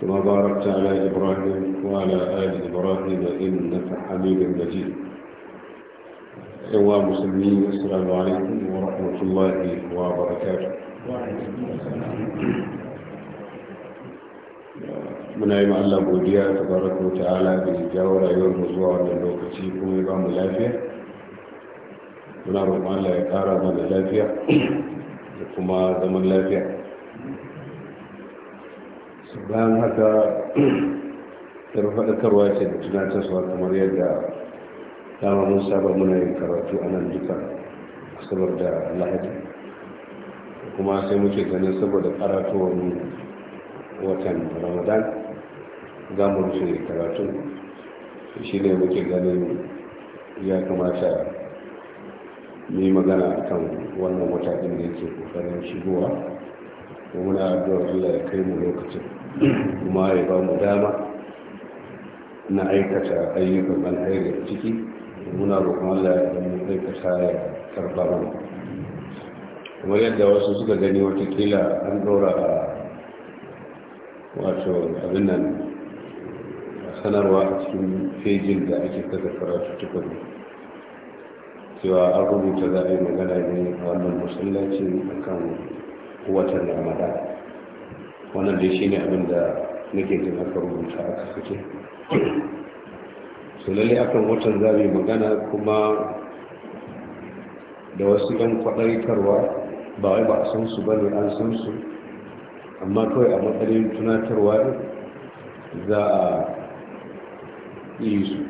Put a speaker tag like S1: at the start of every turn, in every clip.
S1: كما باركت على إبراهيم وعلى آل إبراهيم إنك حميد مجيد أيها المسلمين السلام عليكم ورحمة الله وبركاته من أيما الله بوديا تبارك وتعالى بجاورة يوم الزوار من لوكة سيكون يقام الافية من أرمان لا يقارى من الافية يقوم هذا من الافية bayan haka yar faɗakarwa ce da tunatarwa kamar yadda dama mun saba muna yin karatu a nan duka asabar da lahadi kuma sai muke ganin saboda karatowar watan ramadan za mu rufe karatu shi ne muke ganin ya kamata yi magana a kan wannan wata ɗin da yake ƙoƙarin shigowa kuma muna addu'ar allah ya kai mu lokacin kuma ya ba mu dama na aikata ayyukan alheri ciki muna roƙon Allah ya mu aikata ya karɓa mana kuma yadda wasu suka gani watakila an dora a wato abin nan sanarwa a cikin fejin da ake kasa karatu tukuru cewa an rubuta za a yi magana ne a wannan musallaci akan watan ramadan wannan dai shine abin da nake jin aka rubuta aka sake su lalle akan watan zabi magana kuma da wasu yan kwaɗaitarwa ba wai ba a san su ba ne an san su amma kawai a matsayin tunatarwa za a yi su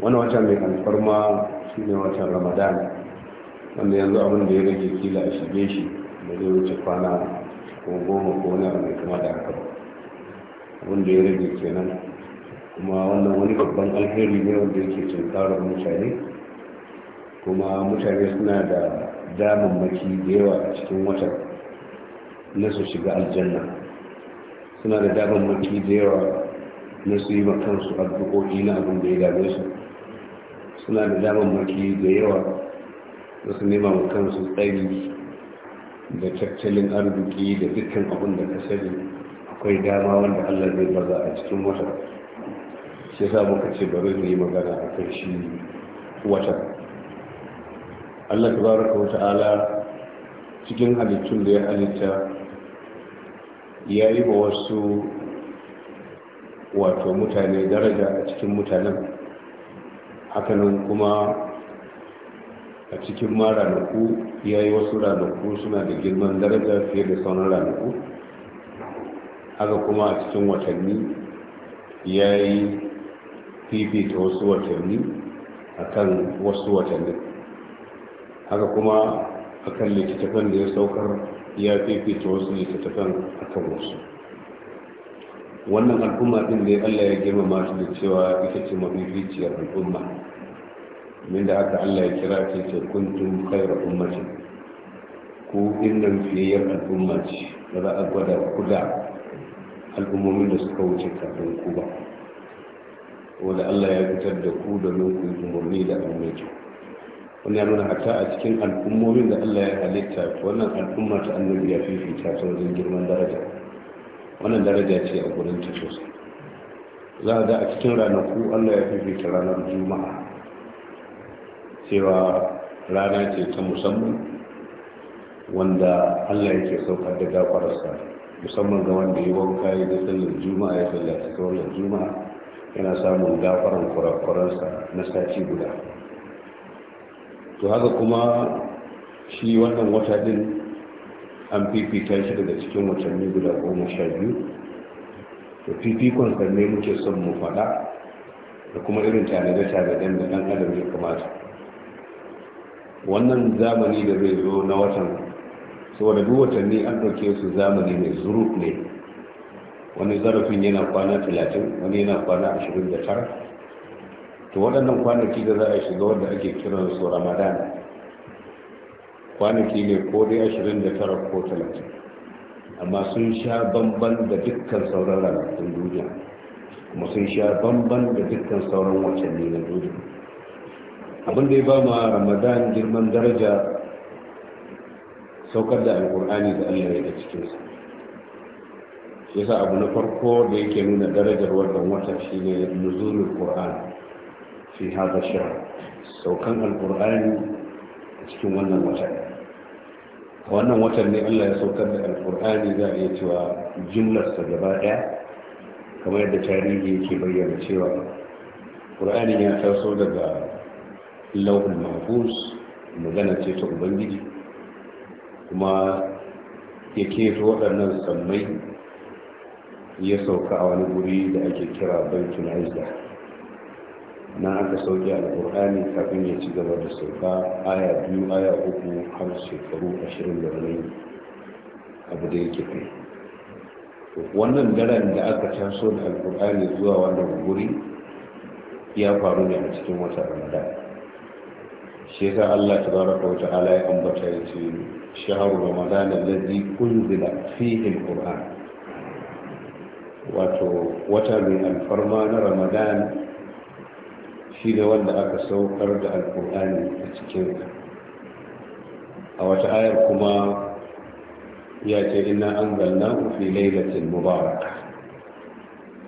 S1: wani wata mai alfarma shi ne watan ramadan wanda yanzu abin da ya rage kila a shige shi da zai wuce kwana ko goma ko wani abu mai kama da haka wanda ya rage kenan kuma wannan wani babban alheri ne wanda yake tunkarar mutane kuma mutane suna da damammaki da yawa a cikin wata na su shiga aljanna suna da damammaki da yawa na su yi su addu'o'i na abin da ya dame su suna da damammaki da yawa na su nema su tsari da tattalin arziki da dukkan abin da ka sani akwai dama wanda allah zai baza a cikin wata shi sa muka ce bari mu yi magana a kan shi wata allah tabaraka wa ta'ala cikin halittun da ya halitta ya yi wa wasu wato mutane daraja a cikin mutanen hakanan kuma a cikin ma ranaku ya yi wasu ranaku suna da girman daraja fiye da sauran ranaku haka kuma a cikin watanni ya yi fifita wasu watanni a kan wasu watanni haka kuma a kan littattafan da ya saukar ya fifita wasu littattafan a kan wasu wannan al'umma din da ya allah ya girmama su da cewa ita ce mafificiyar al'umma min da haka Allah ya kira ce ce kuntum khairu ummati ku innan fiyayyar al'umma ce ba za a gwada ku da al'ummomin da suka wuce kafin ku ba wanda Allah ya fitar da ku domin ku yi umarni da abu wani ya nuna hata a cikin al'ummomin da Allah ya halitta wannan al'umma ta annabi ya fifita ta wajen girman daraja wannan daraja ce a gurin ta sosai za a ga a cikin ranaku Allah ya fifita ranar juma'a cewa rana ce ta musamman wanda allah yake saukar da gafararsa musamman ga wanda ya wanka ya da sallar juma'a ya sallaci sallar juma'a yana samun gafaran kurakurarsa na sati guda to haka kuma shi wannan wata din an fifita shi daga cikin watanni guda goma sha biyu da fifikon sannan muke son mu faɗa da kuma irin da tare da ɗan adam ya kamata wannan zamani da zai zo na watan saboda duk watanni an ɗauke su zamani mai zuru ne wani zarafin yana kwana 30 wani yana kwana 29 to waɗannan kwanaki da za a shiga wanda ake kiran su ramadan kwanaki ne ko dai 29 ko 30 amma sun sha bamban da dukkan sauran ranakun duniya kuma sun sha bamban da dukkan sauran watanni na duniya abin da ya ba ma ramadan girman daraja saukar da alkur'ani da allah ya da cikinsa yasa abu na farko da yake nuna darajar wannan wata ne nuzulul qur'an fi hadha shahr saukan alkur'ani a cikin wannan wata a wannan watan ne allah ya saukar da alkur'ani za a iya cewa jumlarsa gaba daya kamar yadda tarihi yake bayyana cewa ƙur'ani ya taso daga lauhun mahfuz magana ce ta ubangiji kuma ya keto waɗannan sammai ya sauka a wani guri da ake kira Bankin aizda na aka sauke alƙur'ani kafin ya ci gaba da sauka aya biyu aya uku har shekaru ashirin da wani abu da yake kai wannan daren da aka taso da alƙur'ani zuwa wannan guri ya faru ne a cikin wata ramadan shi yasa Allah tabaraka wa ta'ala ya ambata ya ce shahru ramadan allazi unzila fihi alquran wato wata mai alfarma na ramadan shi ne wanda aka saukar da alkur'ani a cikin a wata ayar kuma ya ce ina an zanna fi lailatin mubarak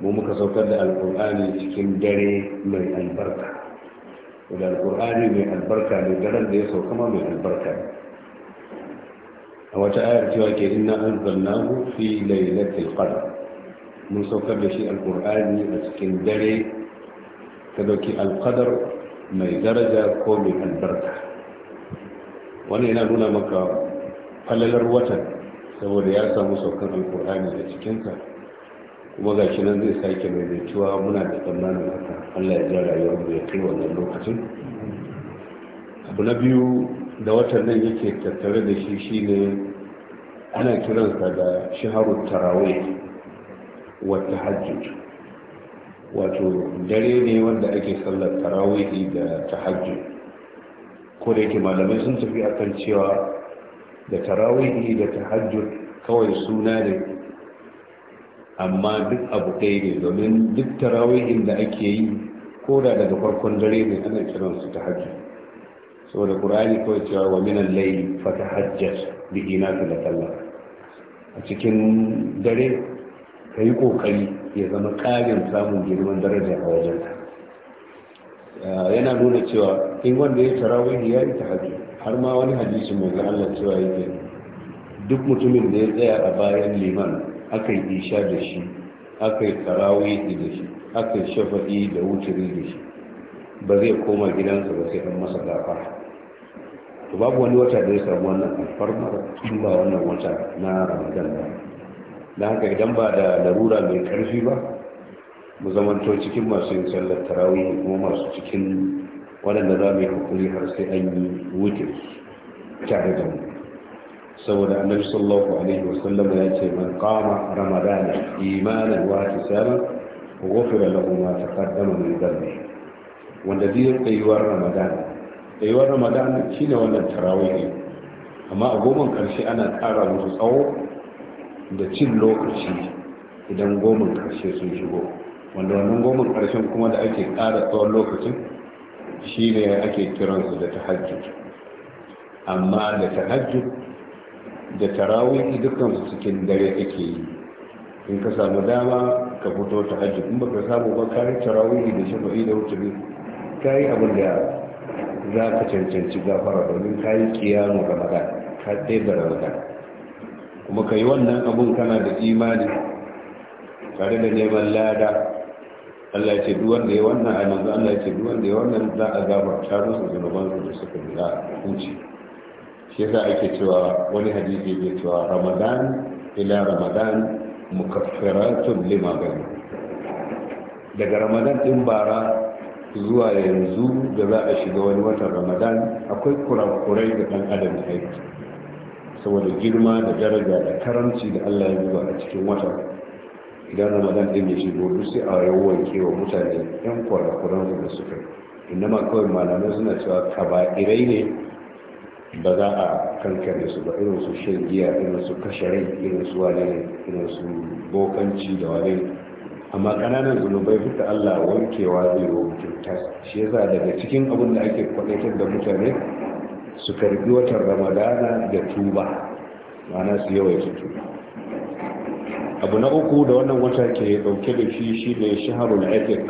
S1: mu muka saukar da alkur'ani cikin dare mai albarka da alkur'ani mai albarka ne daren da ya sauka ma mai albarka a wata ayar cewa ke inna anzalnahu fi lailatul qadr mun saukar da shi alkur'ani a cikin dare ka dauki alkadar mai daraja ko mai albarka wannan yana nuna maka falalar watan saboda ya samu saukar alkur'ani a cikinsa kuma ga shi nan zai sake mai cewa muna da tsammanin haka allah ya ja rayuwar mu ya kai wannan lokacin abu na biyu da watan nan yake tattare da shi shine ana kiransa da shaharun tarawai wata hajjud wato dare ne wanda ake sallar tarawai da tahajjud ko da yake malamai sun tafi akan cewa da tarawai da tahajjud kawai suna ne amma duk abu ɗaya ne domin duk tarawihin da ake yi ko da daga farkon dare ne ana kiran su ta hajji saboda ƙur'ani kawai cewa wa minan layi fata hajjar da ina da talla a cikin dare ka yi ƙoƙari ya zama ƙarin samun girman daraja a wajen ah, yana nuna cewa in wanda ya tarawihi ya yi ta hajji har ma wani hadisi mai ga Allah cewa yake duk mutumin da ya tsaya a bayan liman aka yi isha da shi aka yi tarawihi da shi aka yi shafaɗi da wuturi da shi ba zai koma gidansa ba sai an masa gafara to babu wani wata da ya samu wannan alfarmar tun ba wannan wata na ramadan ba da haka idan ba da larura mai karfi ba mu zamanto cikin masu yin sallar tarawi kuma masu cikin waɗanda za mu yi hakuri har sai an yi wuce tare da mu saboda annabi sallallahu alaihi wasallam ya ce man qama ramadana imanan wa hisaban ghufira lahu ma taqaddama min dhanbi wanda zai tsayuwar ramadana tsayuwar ramadana shine wannan tarawih amma a goman karshe ana tsara musu tsawo da cin lokaci idan goman karshe sun shigo wanda wannan goman karshen kuma da ake ƙara tsawon lokacin shine ake kiransu da tahajjud amma da tahajjud da tarawih dukkan su cikin dare ake yi in ka samu dama ka fito ta hajji in baka samu ba ka yi tarawih da shafa'i da ne ka yi abin da za ka cancanci gafara domin ka yi kiyamu ramadan ka ɗaya da ramadan kuma ka yi wannan abun kana da imani tare da neman lada Allah ce duwan da ya wannan a manzo Allah ce duwan da ya wannan za a gafarta musu zunubansu da suka bila a hukunci shi yasa ake cewa wani hadisi ke cewa ramadan ila ramadan mukaffiratun lima bani daga ramadan din bara zuwa yanzu da za a shiga wani watan ramadan akwai kurakurai da dan adam ya saboda girma da daraja da karanci da allah ya zuba a cikin watan idan ramadan din ya shigo duk sai a yawanke wa mutane yan kurakuran da suka yi inda ma kawai malamai suna cewa kaba'irai ne ba za a kankare su ba irin su shan giya irin su kashare irin su wane irin su bokanci da wane amma kananan zunubai fita Allah wankewa zai yi kyauta shi yasa daga cikin abin da ake kwadaitar da mutane su karbi watan ramadana da tuba ma'ana su yawai su tuba abu na uku da wannan wata ke dauke da shi shi ne shaharul epic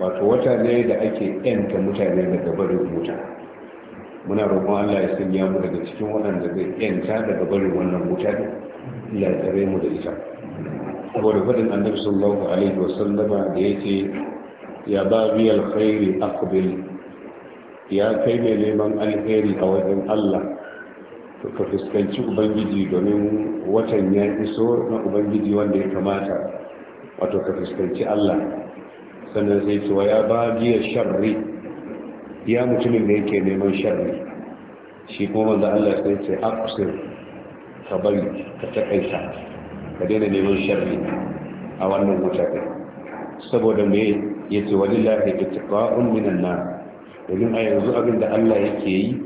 S1: wato wata ne da ake yanta mutane daga barin mutane muna roƙon Allah ya sanya mu daga cikin waɗanda zai yanta daga barin wannan wuta da ya tsare mu da ita saboda faɗin annabi sallallahu alaihi wa da yake ya ba bi alkhairi aqbil ya kai mai neman alheri a wajen Allah to ka fuskanci ubangiji domin watan ya iso na ubangiji wanda ya kamata wato ka fuskanci Allah sannan sai ce wa ya ba biya sharri ya mutumin da yake neman sharri shi kuma wanda Allah sai ce aqsir ka bari ka takaita ka daina neman sharri a wannan wuta saboda me yace wallahi ittiqa'un minan nar idan a yanzu abin da Allah yake yi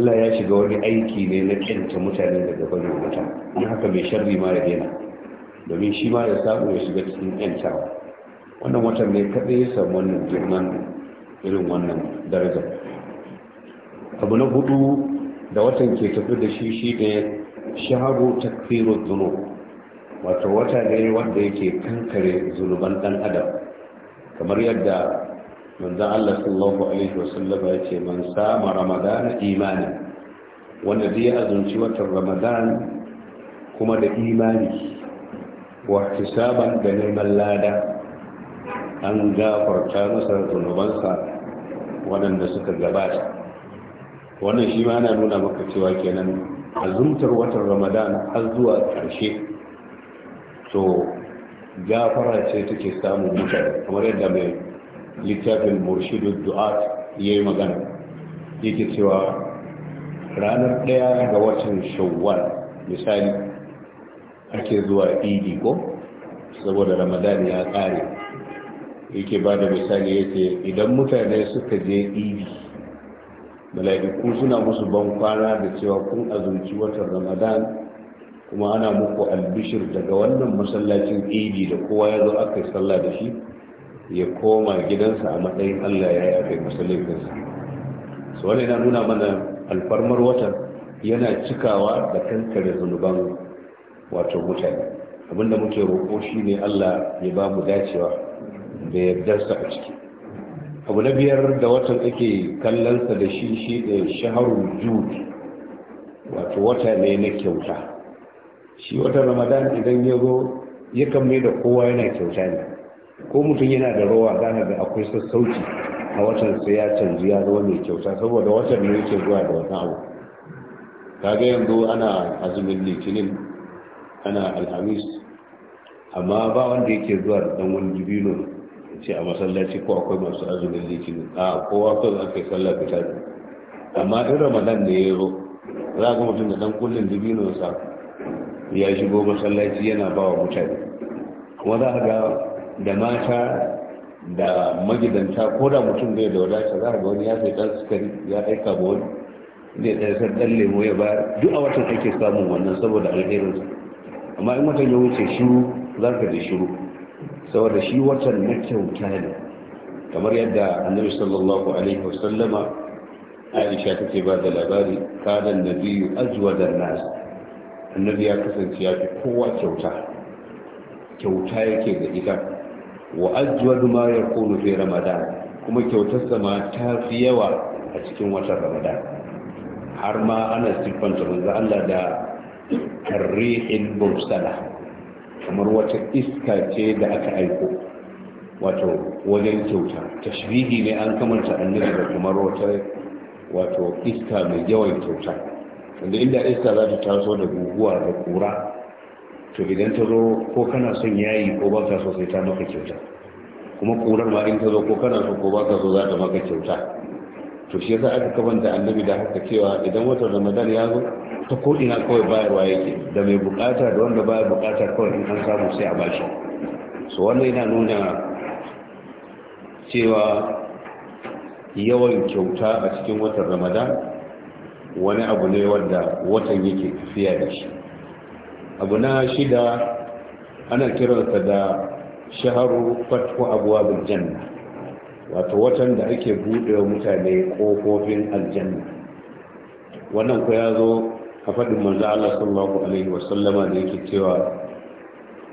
S1: Allah ya shiga wani aiki ne na kinta mutane daga barin wata, in haka mai sharri ma ya daina domin shi ma ya samu ya shiga cikin kinta wannan watan ne kadai ya samu wannan girman irin wannan darajar abu na hudu da watan ke tafi da shi shi ne shaharu takfiru zunub wato wata ne wanda yake kankare zunuban dan adam kamar yadda manzan Allah sallallahu alaihi wasallam ya ce man sama ramadan imani wanda zai azunci watan ramadan kuma da imani wa hisaban da neman lada an gafarta masa zunubansa waɗanda suka gabata wannan shi ma yana nuna maka cewa kenan azumtar watan ramadan har zuwa ƙarshe to gafara ce take samun mutane kamar yadda mai littafin murshidu du'at ya yi magana yake cewa ranar ɗaya ga watan shawwal misali ake zuwa idi ko saboda ramadan ya ƙare yake ba da misali ya ce idan mutane suka je ibi mala'iku suna musu ban kwana da cewa kun azumci watan ramadan kuma ana muku albishir daga wannan masallacin ibi da kowa ya zo aka yi sallah da shi ya koma gidansa a matsayin allah ya yi a kai masallacinsa su wani na nuna mana alfarmar watan yana cikawa da kankare zunuban wato mutane abinda muke roƙo shine allah ya ba mu dacewa da yardarsa a ciki abu na biyar da watan ake kallonsa da shi shi da shaharun jud wato wata ne na kyauta shi wata ramadan idan ya zo ya kamme da kowa yana kyauta ne ko mutum yana da rawa gane da akwai sassauci a watan sai ya canji ya zama mai kyauta saboda watan ne yake zuwa da wata abu kaga yanzu ana azumin litinin ana alhamis amma ba wanda yake zuwa da dan wani dibino ce a masallaci ko akwai masu azumin litinin a kowa kawai ka yi sallah fita tafi amma in ramadan da ya zo za ga mutum da dan kullum dubinonsa ya shigo masallaci yana ba wa mutane kuma za ga da mata da magidanta ko da mutum bai da wadata za ga wani ya sai dan sukari ya aika ga wani zai ɗaya sai ɗan lemo ya bayar duk a watan ake samun wannan saboda alherinsa amma in watan ya wuce shiru za ka ji shiru saboda shi watan na kyauta ne kamar yadda annabi sallallahu alaihi wasallama aisha take ba da labari kada nabiyu da nas annabi ya kasance ya fi kowa kyauta kyauta yake da ita wa ajwadu ma yakunu fi ramadan kuma kyautarsa ma ta fi yawa a cikin watan ramadan har ma ana siffanta manzo Allah da karrihin bursala kamar wata iska ce da aka aiko wato wajen kyauta tashrihi ne an kamanta annabi da kamar wata wato iska mai yawan kyauta wanda inda iska za ta taso da guguwa da kura to idan ta zo ko kana son yayi ko ba ka so sai ta maka kyauta kuma kurar ma in ta zo ko kana so ko ba ka so za ta maka kyauta to shi yasa aka kamanta annabi da haka cewa idan watan ramadan ya zo ta ko'ina kawai bayarwa yake da mai bukata da wanda bayar bukata kawai in an samu sai a bashi su wannan yana nuna cewa yawan kyauta a cikin watan ramadan wani abu ne wanda watan yake tafiya da shi abu na shida ana kiransa da shaharu fatko abuwa janna wato watan da ake buɗe mutane ƙofofin aljanna wannan ku ya zo a faɗin manzo Allah sallallahu alaihi wasallama da yake cewa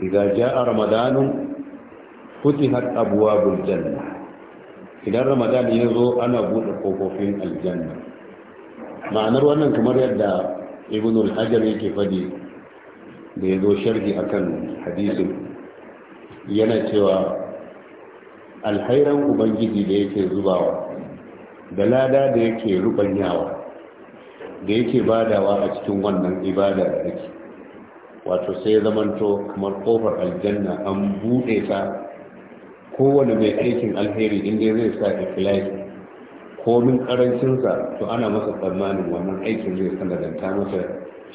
S1: idza jaa ramadanun futihat abwabul janna idan ramadan ya zo ana bude kofofin aljanna ma'anar wannan kamar yadda ibnu al-hajar yake faɗi da ya zo sharhi akan hadisin yana cewa alhairan ubangiji da yake zubawa da lada da yake rubanyawa da yake badawa a cikin wannan ibada da yake wato sai ya zamanto kamar kofar aljanna an buɗe ta kowane mai aikin alheri inda zai sa ikhlasi komin karancinsa to ana masa tsammanin wannan aikin zai sanadanta masa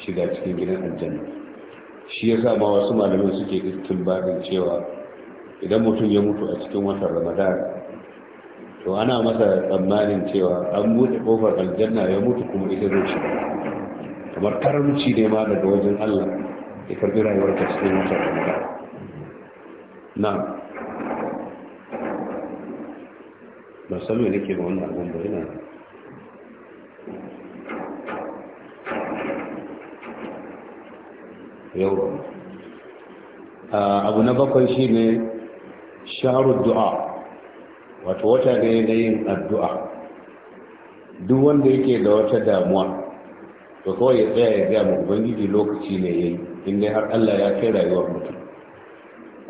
S1: shiga cikin gidan aljanna shi yasa ma wasu malamin suke istinbadin cewa idan mutum ya mutu a cikin watan ramadana. to ana masa tsammanin cewa an buɗe ƙofar aljanna ya mutu kuma ita zai shiga kamar karamci ne ma daga wajen Allah ya karbi rayuwar ta cikin wata rayuwa na ba san me nake ba wannan abun ba yana yau ah, abu na bakwai shi ne sharu du'a wato wata ne na yin addu'a duk wanda yake da wata damuwa to kawai ya tsaya ya gaya ma ubangiji lokaci ne yayi in dai har Allah ya kai rayuwar mutum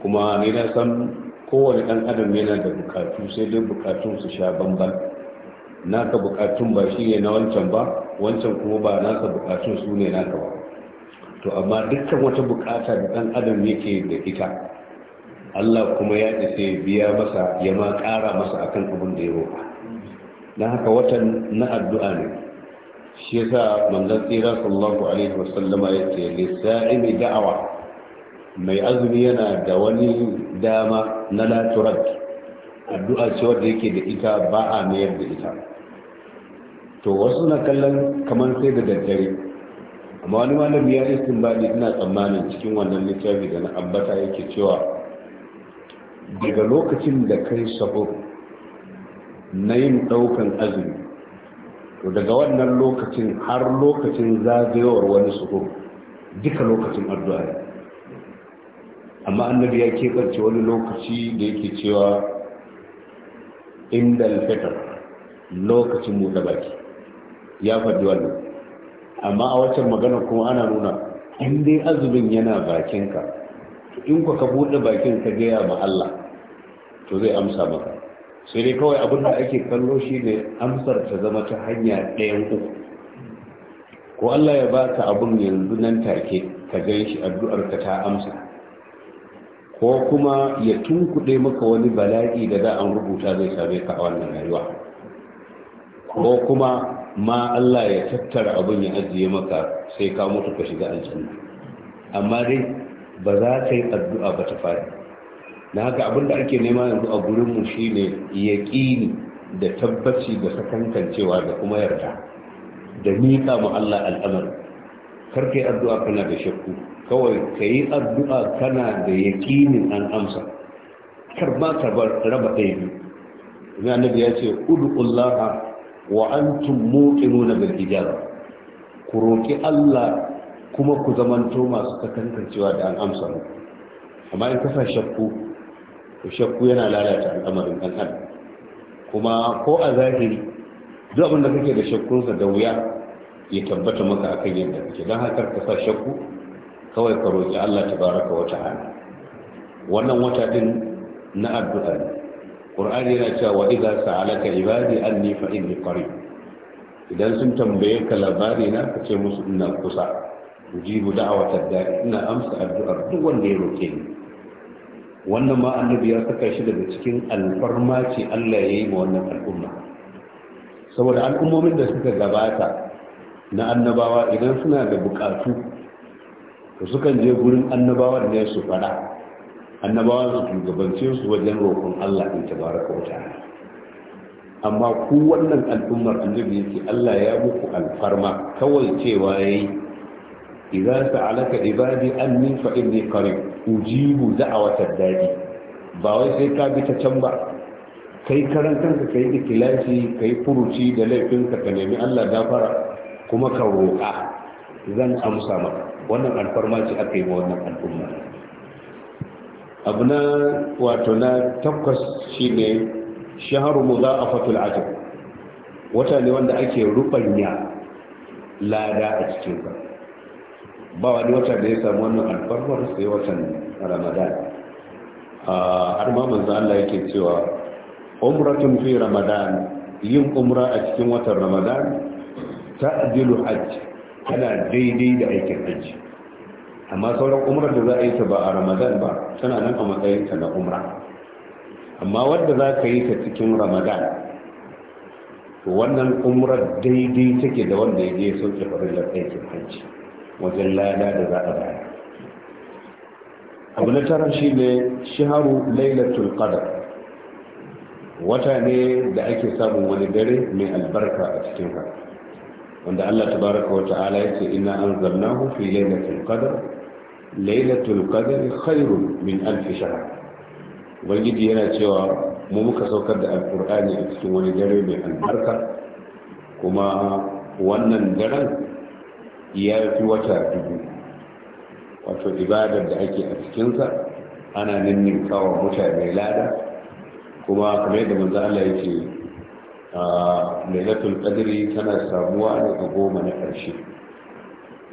S1: kuma ni na san kowane ɗan adam yana da bukatu sai dai bukatun su sha bamban naka bukatun ba shi ne na wancan ba wancan kuma ba naka bukatun su ne naka ba to amma dukkan wata bukata da ɗan adam yake da ita Allah kuma ya isa biya masa ya ma ƙara masa akan abin da ya roƙa na haka watan na addu'a ne shi yasa manzon tsira sallallahu alaihi wasallama ya ce lisa'imi da'awa mai azumi yana da wani dama na laturat addu'a ce wadda yake da ita ba a mayar da ita to wasu na kallon kamar sai da daddare amma wani malami ya sun ba ina tsammanin cikin wannan littafi da na ambata yake cewa daga lokacin da kai sabo na yin ɗaukan azumi to daga wannan lokacin har lokacin zagayowar wani suhur duka lokacin addu'a ne amma annabi ya keɓance wani lokaci da yake cewa inda alfitar lokacin buɗe baki ya faɗi wannan amma a waccan magana kuma ana nuna inda azumin yana bakinka in ku ka buɗe bakin ka gaya ma Allah to zai amsa maka sai dai kawai abin da ake kallo shi ne amsar ta zama ta hanya ɗayan uku ko Allah ya baka abin yanzu nan take ka gan shi addu'ar ka ta amsa ko kuma ya tunkuɗe maka wani bala'i da za an rubuta zai same ka a wannan rayuwa ko kuma ma Allah ya tattara abin ya ajiye maka sai ka mutu ka shiga aljanna amma dai ba za ta yi addu'a ba ta faɗi na haka da ake nema yanzu a gurinmu shi ne yaƙini da tabbaci da sakankancewa da kuma yarda da miƙa mu Allah al'amari kar ka yi addu'a kana da shakku kawai ka yi addu'a kana da yaƙinin an amsa kar ba ka raba ɗaya biyu ina nabi ya ce udu'ullaha wa antum muqinuna bil ijaba ku roƙi Allah kuma ku zamanto masu katantancewa da an amsa mu amma in kasa shakku to shakku yana lalata al'amarin ɗan adam kuma ko a zahiri duk abinda kake da shakkunsa da wuya ya tabbata maka akan yadda kake don haka ka sa shakku kawai ka roƙi Allah tabaraka wa ta'ala wannan wata din na addu'a ne qur'ani yana cewa wa idza sa'alaka ibadi anni fa inni qarib idan sun tambaye ka labari na ka musu ina kusa ujibu da'awatar da'i ina amsa addu'ar duk wanda ya roke ni wannan ma annabi ya saka shi daga cikin alfarma ce Allah ya yi ma wannan al'umma saboda al'ummomin da suka gabata na annabawa idan suna da bukatu to sukan je gurin annabawa ne su fada annabawa su shugabance su wajen roƙon Allah in tabaraka wa ta'ala amma ku wannan al'ummar annabi yake Allah ya muku alfarma kawai cewa yayi idza sa'alaka ibadi anni fa inni qarib ujibu da'watad da'i ba wai sai ka bi ta can ba kai karan kanka kai ikhlasi kai furuci da laifinka ka nemi Allah gafara kuma ka roƙa zan amsa maka wannan alfarma ce aka yi wa wannan al'umma abu na wato na takwas shine shaharu mudha'afatul ajr wata ne wanda ake rufanya lada a cikin ka ba wani wata da ya samu wannan alfarmar sai watan ramadan a ma manzo Allah yake cewa umratun fi ramadan yin umra a cikin watan ramadan adilu hajji tana daidai da aikin hajji amma sauran umra da za a yi ta ba a ramadan ba tana nan a matsayinta na umra amma wadda za ka yi ta cikin ramadan wannan umrar daidai take da wanda ya je sauke farillar aikin hajji wajen lada da za a bayar abu na tara shi ne shaharu lailatul qadar wata ne da ake samun wani dare mai albarka a cikin ka wanda Allah tabaraka wa ta'ala ce inna anzalnahu fi lailatul qadar lailatul qadar khairun min alf shahr ubangiji yana cewa mu muka saukar da alkur'ani a cikin wani dare mai albarka kuma wannan daren ya fi wata dubu wato ibadar da ake a cikinsa ana ninnin kawo mutane lada kuma kamar yadda manzo Allah ya ce lailatul qadri tana samuwa ne a goma na ƙarshe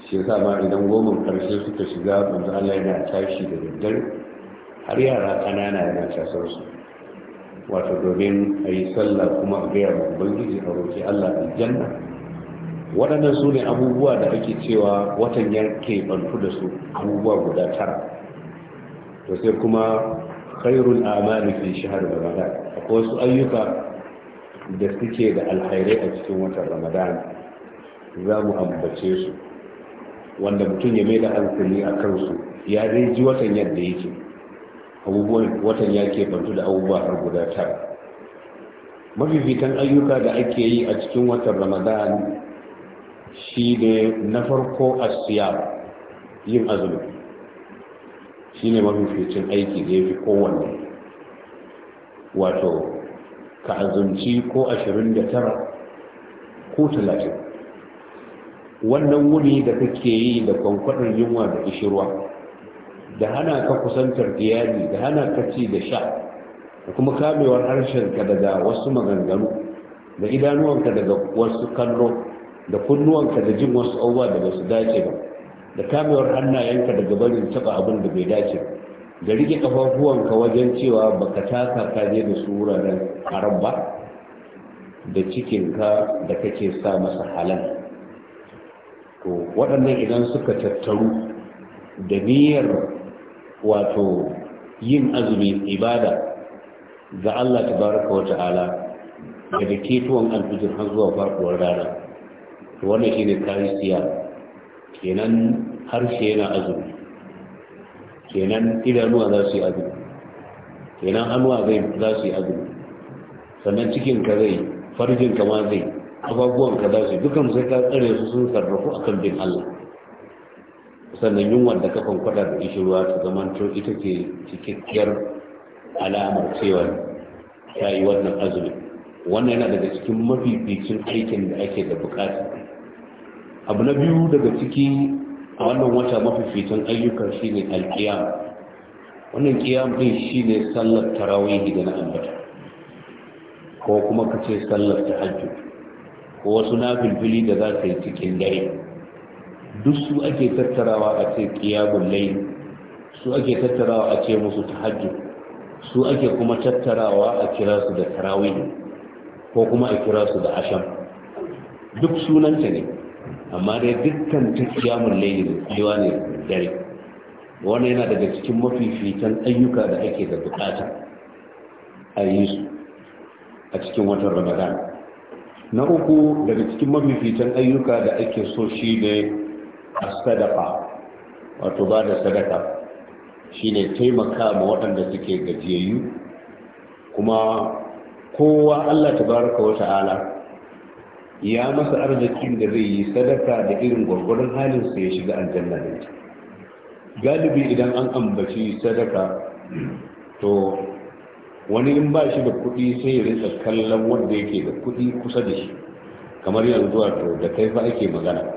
S1: shi yasa ma idan goma ƙarshe suka shiga manzo Allah yana tashi da daddare har yara ƙanana yana tasar su wato domin a yi sallah kuma a gaya ubangiji a roƙi Allah aljanna waɗannan su ne abubuwa da ake cewa watan yanke bantu da su abubuwa guda tara to sai kuma khairul amali fi shahr ramadan akwai wasu ayyuka da suke da alkhairai a cikin watan ramadan za mu ambace su wanda mutum ya mai da hankali a kansu ya dai ji watan yadda yake abubuwan watan ya ke bantu da abubuwa har guda tara mafifitan ayyuka da ake yi a cikin watan ramadan shi ne na farko a siya yin azumi shi ne mafificin aiki da ya fi kowanne wato ka azumci ko ashirin da tara ko talatin wannan wuni da kake yi da kwankwadar yunwa da ishirwa da hana ka kusantar iyali da hana ka ci da sha da kuma kamewar harshenka daga wasu maganganu da idanuwanka daga wasu kallo da kunnuwanka da jin wasu abubuwa da basu dace ba da kamewar hannayenka daga barin taba abin da bai dace da rike kafafuwanka wajen cewa baka taka ka je da su wuraren haram ba da cikinka da kake sa masa halal to waɗannan idan suka tattaru da niyyar wato yin azumi ibada ga Allah tabaraka wa ta'ala daga ketuwan alfijir har zuwa faɗuwar rana ne shine karisiya kenan harshe yana azumi kenan idanuwa za su yi azumi kenan hannuwa za su yi azumi sannan cikinka zai farjinka ma zai abubuwanka za su dukan sai ka tsare su sun sarrafu a kan bin Allah sannan yunwar da kafan kwada da ishirwa ta to ita ce cikakkiyar alamar cewa ta yi wannan azumi wannan yana daga cikin mafi bikin aikin da ake da bukata abu na biyu daga ciki a wannan wata fitan ayyukan shine alkiyam wannan kiyam din shine sallar tarawai gida na albata ko kuma ka ce sallar ta hajji, ko wasu na filfili da za su yi cikin dare duk su ake tattarawa a ce kiyamun lai su ake tattarawa a ce musu hajji, su ake kuma tattarawa a kira su da tarawai, ko kuma a kira su da asham duk sunanta ne amma dai dukkan ta kiyamun laili kaiwa ne dare Wani yana daga cikin mafifitan ayyuka da ake da bukata a yi su a cikin watan ramadan na uku daga cikin mafifitan ayyuka da ake so shi ne a sadaka wato ba da sadaka shi ne taimaka ma waɗanda suke gajiyayyu kuma kowa allah ta wa ta'ala ya masa arzikin da zai yi sadaka da irin halin halinsa ya shiga aljanna da ita galibi idan an ambaci sadaka to wani in ba shi da kuɗi sai ya rinka kallon wanda yake da kuɗi kusa da shi kamar yanzu wato da kai fa ake magana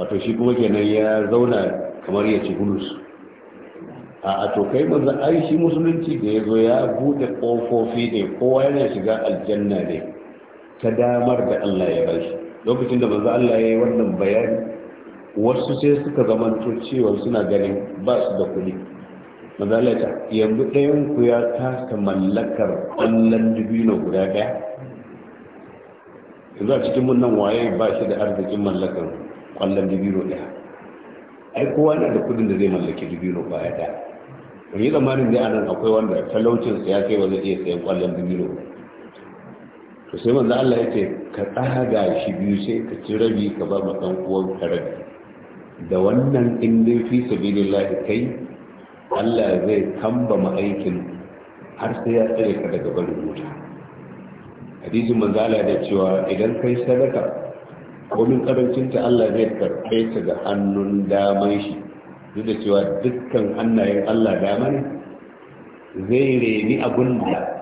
S1: wato shi kuma kenan ya zauna kamar ya ci gulus a to kai maza ai shi musulunci da ya zo ya buɗe kofofi ne kowa yana shiga aljanna ne ta damar da Allah ya bashi lokacin da manzo Allah ya yi wannan bayani wasu sai suka zamanto cewa suna ganin ba su da kuɗi manzo Allah ya yanzu ɗayan ku ya kasa mallakar ƙwallon dubino guda ɗaya yanzu a cikin mun nan waye ba shi da arzikin mallakar ƙwallon dubino ɗaya ai kowa na da kuɗin da zai mallaki dubino ɗaya ban yi zamanin dai anan akwai wanda talaucinsa ya kai wa zai iya sayan ƙwallon dubino to sai manzo Allah yace ka tsaga shi biyu sai ka ci rabi ka ba ma dan uwan ka da wannan indin fi sabilillah kai Allah zai kambama aikin har sai ya tsare ka daga barin wuta hadisi manzo Allah da cewa idan kai sadaka ko min karancin ta Allah zai karfe ta ga hannun daman shi duk da cewa dukkan hannayen Allah dama ne zai reni abun da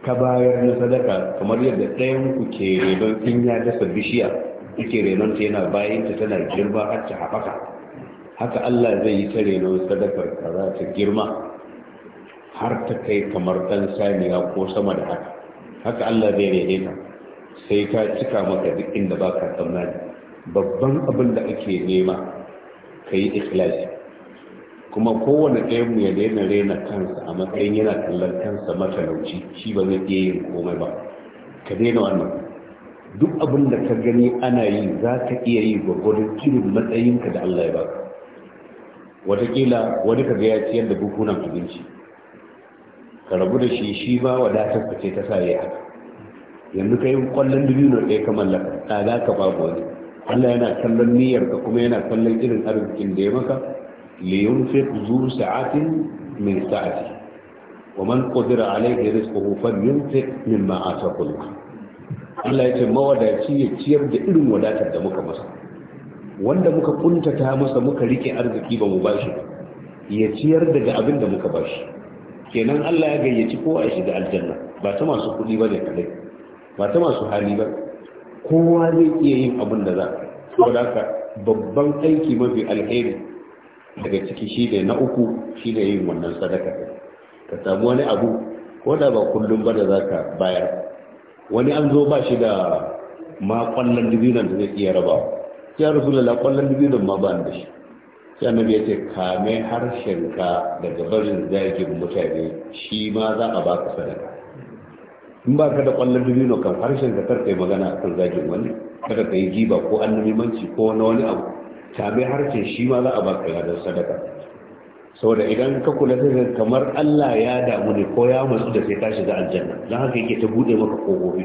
S1: ka bayar na sadaka kamar yadda ɗayan ku ke renon in ya dasa bishiya kuke renon ta yana bayan ta tana girma har ta haɓaka haka Allah zai yi ta renon sadakar ka za ta girma har ta kai kamar ɗan saniya ko sama da haka haka Allah zai rene ka sai ka cika maka duk inda ba ka tsammani babban abin da ake nema ka yi ikhlasi kuma kowane ɗaya mu ya daina raina kansa a matsayin yana kallon kansa matalauci shi ba zai iya yin komai ba ka daina wannan duk abin da ka gani ana yi za ka iya yi gudun kirin matsayinka da Allah ya baka watakila wani ka gaya ciyar da bukunan abinci ka rabu da shi shi ba wadatar ka ce ta sa ya haka yanzu ka yi kwallon dubino ɗaya ka mallaka za ka ba wani Allah yana kallon niyyar kuma yana kallon irin arzikin da ya maka لينفق ذو سعة من سعته ومن قدر عليه رزقه فلينفق مما آتاه الله Allah ya ce mawadaci ya ciyar da irin wadatar da muka masa wanda muka kuntata masa muka rike arziki ba mu bashi ya ciyar daga abin da muka bashi kenan Allah ya gayyaci kowa ya shiga aljanna ba ta masu kuɗi ba ne kadai ba ta masu hali ba kowa zai iya yin abin da za saboda haka babban aiki mafi alheri daga ciki shi ne na uku shi ne yin wannan sadaka ka samu wani abu ko da ba kullum ba da za ka bayar wani an zo ba shi da ma kwallon dubinan da zai iya raba sai ya rasu lalla kwallon dubinan ma ba da shi sai annabi ya ce kame harshen ka daga barin zagin mutane shi ma za a baka sadaka in ba ka da kwallon dubino kan harshen ka karka magana a kan zagin wani kada ka yi giba ko annabimanci ko wani abu tabe harce shi ma za a baka ladan sadaka saboda idan ka kula sai kamar Allah ya damu ne ko ya matsu da sai ka shiga aljanna dan haka yake ta bude maka kogobi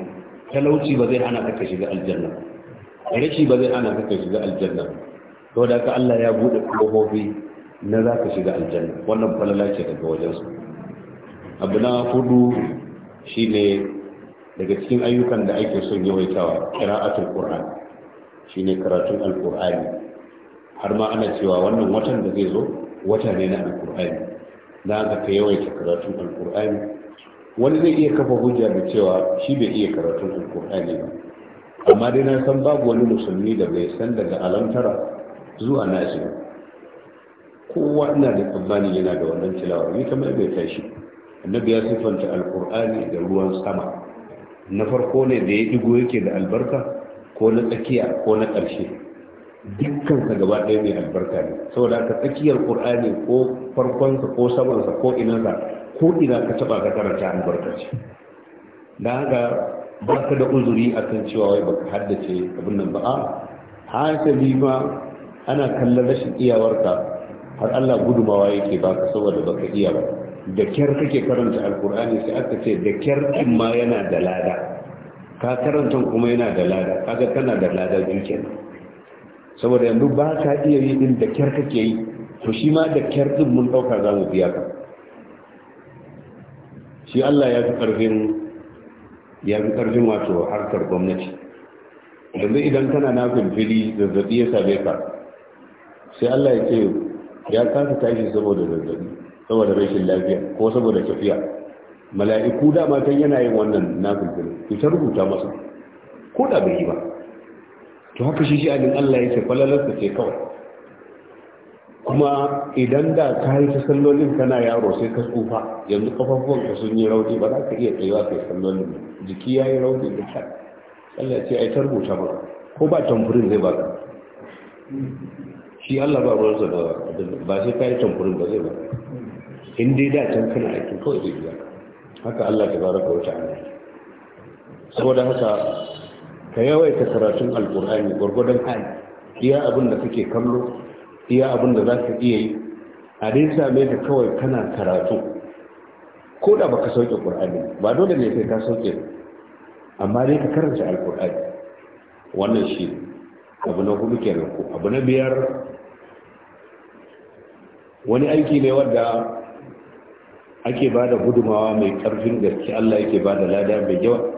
S1: talauci ba zai hana ka shiga aljanna rashi ba zai hana ka shiga aljanna saboda ka Allah ya bude kogobi na za ka shiga aljanna wannan falala ce daga wajen su. abu na hudu shine daga cikin ayyukan da ake son yawaitawa qira'atul qur'an shine karatun alqur'ani har ma ana cewa wannan watan da zai zo wata ne na alkur'ani na ga ka yawaita karatun alkur'ani wani zai iya kafa hujja da cewa shi bai iya karatun alkur'ani ba amma dai na san babu wani musulmi da bai san daga alamtara zuwa nasi kowa ina da tsammani yana da wannan tilawar ni kamar bai tashi annabi ya siffanta alkur'ani da ruwan sama na farko ne da ya digo yake da albarka ko na tsakiya ko na ƙarshe dukkansa gaba ɗaya mai albarka ne saboda ka tsakiyar ƙur'ani ko farkonsa ko samansa ko inansa ko ina ka taɓa ka karanta albarka ce da haka ba ka da uzuri a kan cewa wai baka haddace abin nan ba a hasali ma ana kallon rashin iyawarka har Allah gudumawa yake baka saboda baka iya ba da kyar kake karanta alkur'ani sai aka ce da kyar ɗin ma yana da lada ka karanta kuma yana da lada kaga kana da lada biyu saboda yanzu ba ka iya yi din da kyar kake yi to shi ma da kyar din mun ɗauka za mu biya ka shi Allah ya fi ƙarfin ya fi wato harkar gwamnati yanzu idan kana na fili zazzabi ya same ka sai Allah ya ce ya kasa tashi saboda zazzabi saboda rashin lafiya ko saboda tafiya mala'iku dama kan yana yin wannan na fili ta rubuta masa ko da bai yi ba to haka shi shi adin Allah yake falalarsa ce kawai kuma idan da ka yi ta sallolin kana yaro sai ka tsufa yanzu kafafuwan ka sun yi rauni ba za ka iya tsayawa kai sallolin jiki ya yi rauni da ta Allah ce ai tarbuta ba ko ba tamfurin zai ka shi Allah ba ruwan sa ba sai ka yi tamfurin ba zai ba in dai da can kana aikin kawai zai biya haka Allah ta tabaraka wa ta'ala saboda haka ka yawaita karatun alkur'ani gwargwadon hali iya abin da kake kallo iya abin da za ka iya yi a dai same ka kawai kana karatu ko da baka sauke qur'ani ba dole ne sai ka sauke amma dai ka karanta alkur'ani wannan shi abu na hudu kenan ko abu na biyar wani aiki ne wanda ake ba da gudumawa mai karfin gaske Allah yake ba da lada mai yawa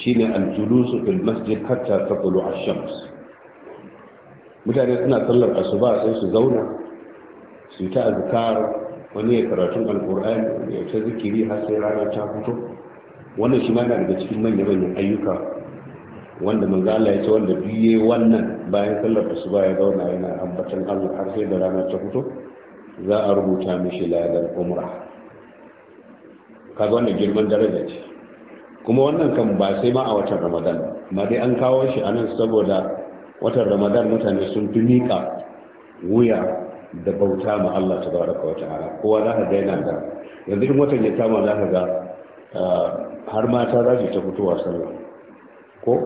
S1: shine al-julusu fil masjid hatta taqulu ash-shams mutane suna sallar asuba sai su zauna su ta azkar wani ya karatun alqur'ani wani ya ta zikiri har sai rana ta fito wannan shi ma daga cikin manyan manyan ayyuka wanda manzo Allah ya ce wanda biye wannan bayan sallar asuba ya zauna yana ambatan Allah har sai da rana ta fito za a rubuta mishi ladar umra kaga wannan girman daraja ce kuma wannan kan ba sai ma a watan ramadan ma dai an kawo shi a nan saboda watan ramadan mutane sun fi miƙa wuya da bauta ma Allah ta baraka wa ta'ala kowa za ka ga yana da yanzu in watan ya kama za ka ga ah, har mata za su ta fitowa sallah ko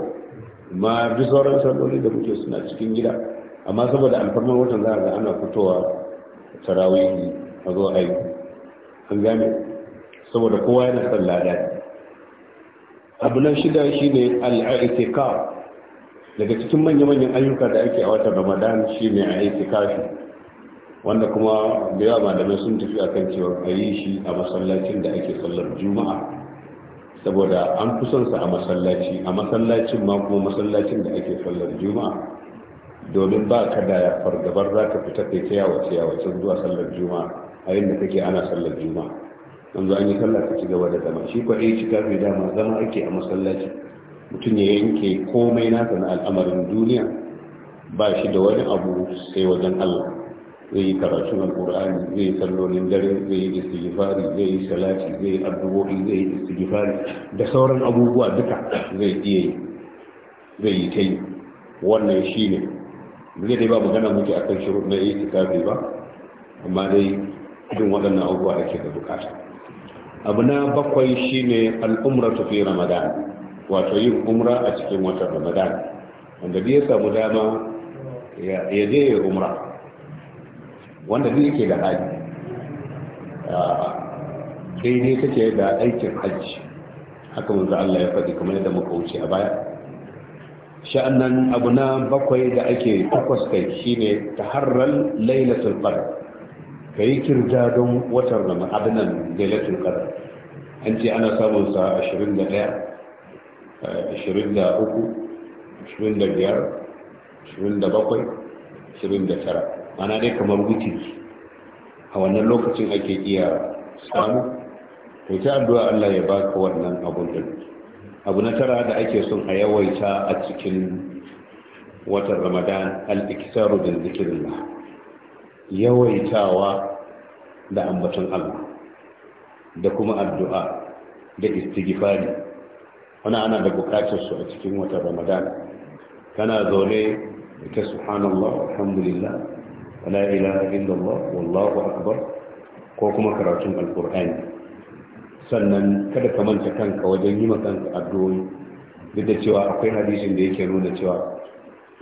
S1: ma bi sauran salloli da kuke suna cikin gida amma saboda alfarman watan za ka ga ana fitowa tarawihi a zo aiki an gane saboda kowa yana sallah daɗi abu na shida shine al-i'tikaf daga cikin manya-manyan ayyuka da ake a watan ramadan shi ne a shi. wanda kuma da yawa malamai sun tafi akan cewa a yi shi a masallacin da ake sallar juma'a saboda an fi son sa a masallaci a masallacin ma kuma masallacin da ake sallar juma'a domin ba ka da fargabar za ka fita kai ta yawace yawacen zuwa sallar juma'a a yadda kake ana sallar juma'a yanzu an yi sallah ka ci gaba da zama shi kwaɗe eh, ci dama zama ake a masallaci mutum ya yanke komai nasa na al'amarin duniya ba shi da wani abu sai wajen allah zai yi karatun alkur'ani zai yi sallolin dare zai yi istighfari zai yi salati zai yi addu'o'i zai yi istighfari da sauran abubuwa duka zai iya yi zai yi ta yi wannan shi ne zai dai ba magana muke a kan shiru na itikafi ba amma dai duk waɗannan abubuwa ake da bukata abu na bakwai shine al'umra fi ramadan wato yin umra a cikin watan ramadan wanda ya samu dama ya je ya umra wanda duk yake da haji ah, daidai take da aikin hajji haka manzo Allah ya faɗi kamar yadda muka wuce a baya sha'annan abu na bakwai da ake takwas kai shine taharral lailatul qadr ka yi kirja don watar da abinan lailatul qadar an ce ana samun sa 21 23 25 27 29 ana dai kamar wutiri a wannan lokacin ake iya samu to ta addu'a Allah ya baka wannan abun din abu na tara da ake son a yawaita a cikin watan Ramadan al-iktaru bil zikrillah yawaitawa da ambaton Allah da kuma addu'a da istighfari Wani ana da bukatar su a cikin wata Ramadan kana zaune ta subhanallah alhamdulillah wala ilaha illallah wallahu akbar ko kuma karatun alqur'ani sannan kada ka manta kanka wajen yi maka addu'o'i duk da cewa akwai hadisin da yake nuna cewa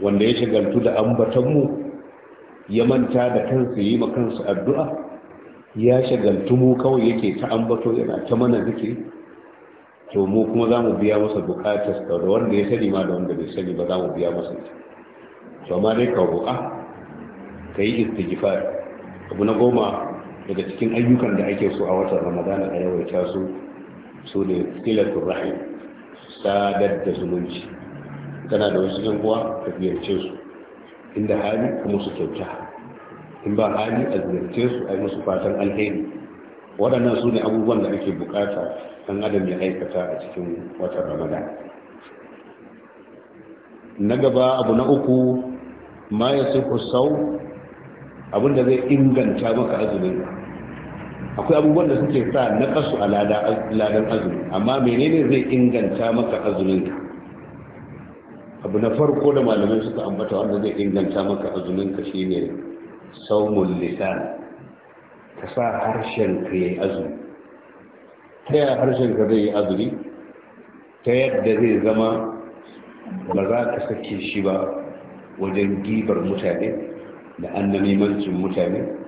S1: wanda ya shagaltu da ambaton mu ya manta da kansa yi ma kansu addu'a ya shagaltu mu kawai yake ta ambato yana ta mana zuke to mu kuma za mu biya masa bukatar da wanda ya sani ma da wanda bai sani ba za mu biya masa ita to amma dai ka roƙa ka yi istighfar abu na goma daga cikin ayyukan da ake so a watan ramadana a yawaita su su ne rahim sadar da zumunci kana da wasu yan uwa ka biyarce su inda hali kuma su kyauta in ba hali a ziyarce su a yi musu fatan alheri waɗannan su ne abubuwan da ake bukata ɗan adam ya aikata a cikin watan ramadan na gaba abu na uku ma ya suku sau abinda zai inganta maka azumin akwai abubuwan da suke sa na kasu a ladan azumi amma menene zai inganta maka azumin abu na farko da malamai suka ambata wanda zai inganta maka azumin ka shine saumun lisan ka sa harshen ka yi azumi ta yaya harshen ka zai yi azumi ta yadda zai zama ba za ka sake shi ba wajen gibar mutane da annamimancin mutane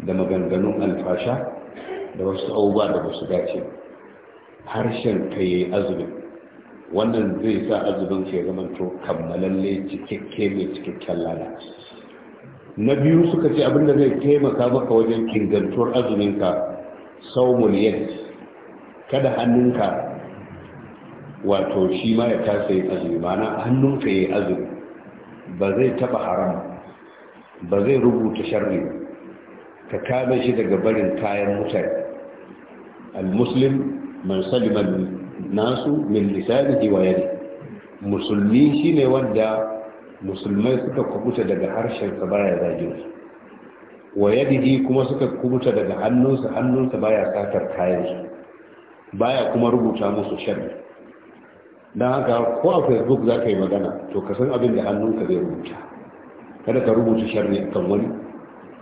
S1: da maganganun alfasha da wasu auba da ba su dace harshen ka yi azumi wannan zai sa azumin ke zama to kammalalle cikakke mai cikakken lalata. na biyu suka ce abinda zai taimaka maka wajen ingantuwar azuminka sau miliyan kada hannunka wato shi ma ya tasa yin azumi mana hannunka ya yi azumi ba zai taba haram ba zai rubuta sharri ka kame shi daga barin kayan mutane al-muslim man salima nasu min lisanihi wa yadi musulmi shine wanda musulmai suka kubuta daga harshensa baya zagin su wa yadihi kuma suka kubuta daga hannunsa hannunsa baya satar kayan su baya kuma rubuta musu sharri don haka ko a facebook za ka yi magana to ka san abin da hannunka zai rubuta kada ka rubuta sharri a kan wani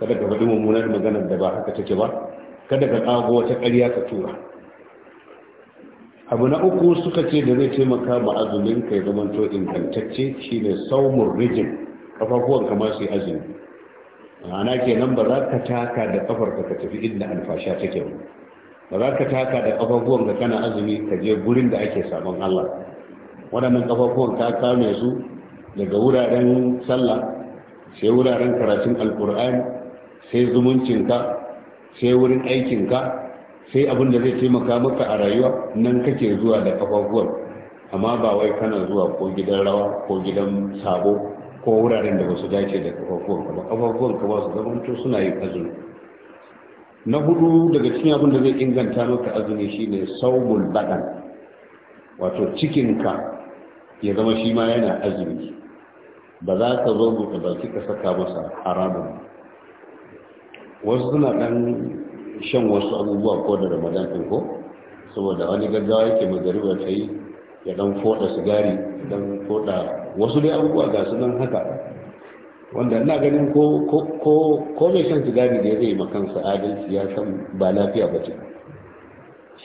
S1: kada ka faɗi mummunar maganar da ba haka take ba kada ka ƙago wata ƙarya ka tura abu na uku suka ce da zai taimaka ma azumin ka ya to ingantacce ne saumun rijin kafafuwan kama su yi azumi ana nan ba za ka taka da kafar ka tafi inda alfasha take ba ba za ka taka da kafafuwan ka kana azumi ka je gurin da ake saman Allah waɗannan kafafuwan ka kame su daga wuraren sallah sai wuraren karatun alkur'ani sai zumuncinka sai wurin aikinka sai abin da zai taimaka maka a rayuwa nan kake zuwa da kafafuwan amma ba wai kana zuwa ko gidan rawa ko gidan sabo ko wuraren da ba dace da kafafuwan ka ba kafafuwan ka ba su zamanto suna yin azumi na hudu daga cikin abin da zai inganta maka azumi shine saumul badan wato ka ya zama shi ma yana azumi ba za ka zo buɗe ka saka masa haramun wasu suna ɗan shan wasu abubuwa ko da ramadan ɗin ko saboda wani gaggawa yake magariba ta yi ya ɗan foɗa sigari ɗan foɗa wasu dai abubuwa ga su nan haka wanda ina ganin ko ko mai shan sigari da ya zai ma kansa adalci ya ba lafiya ba ce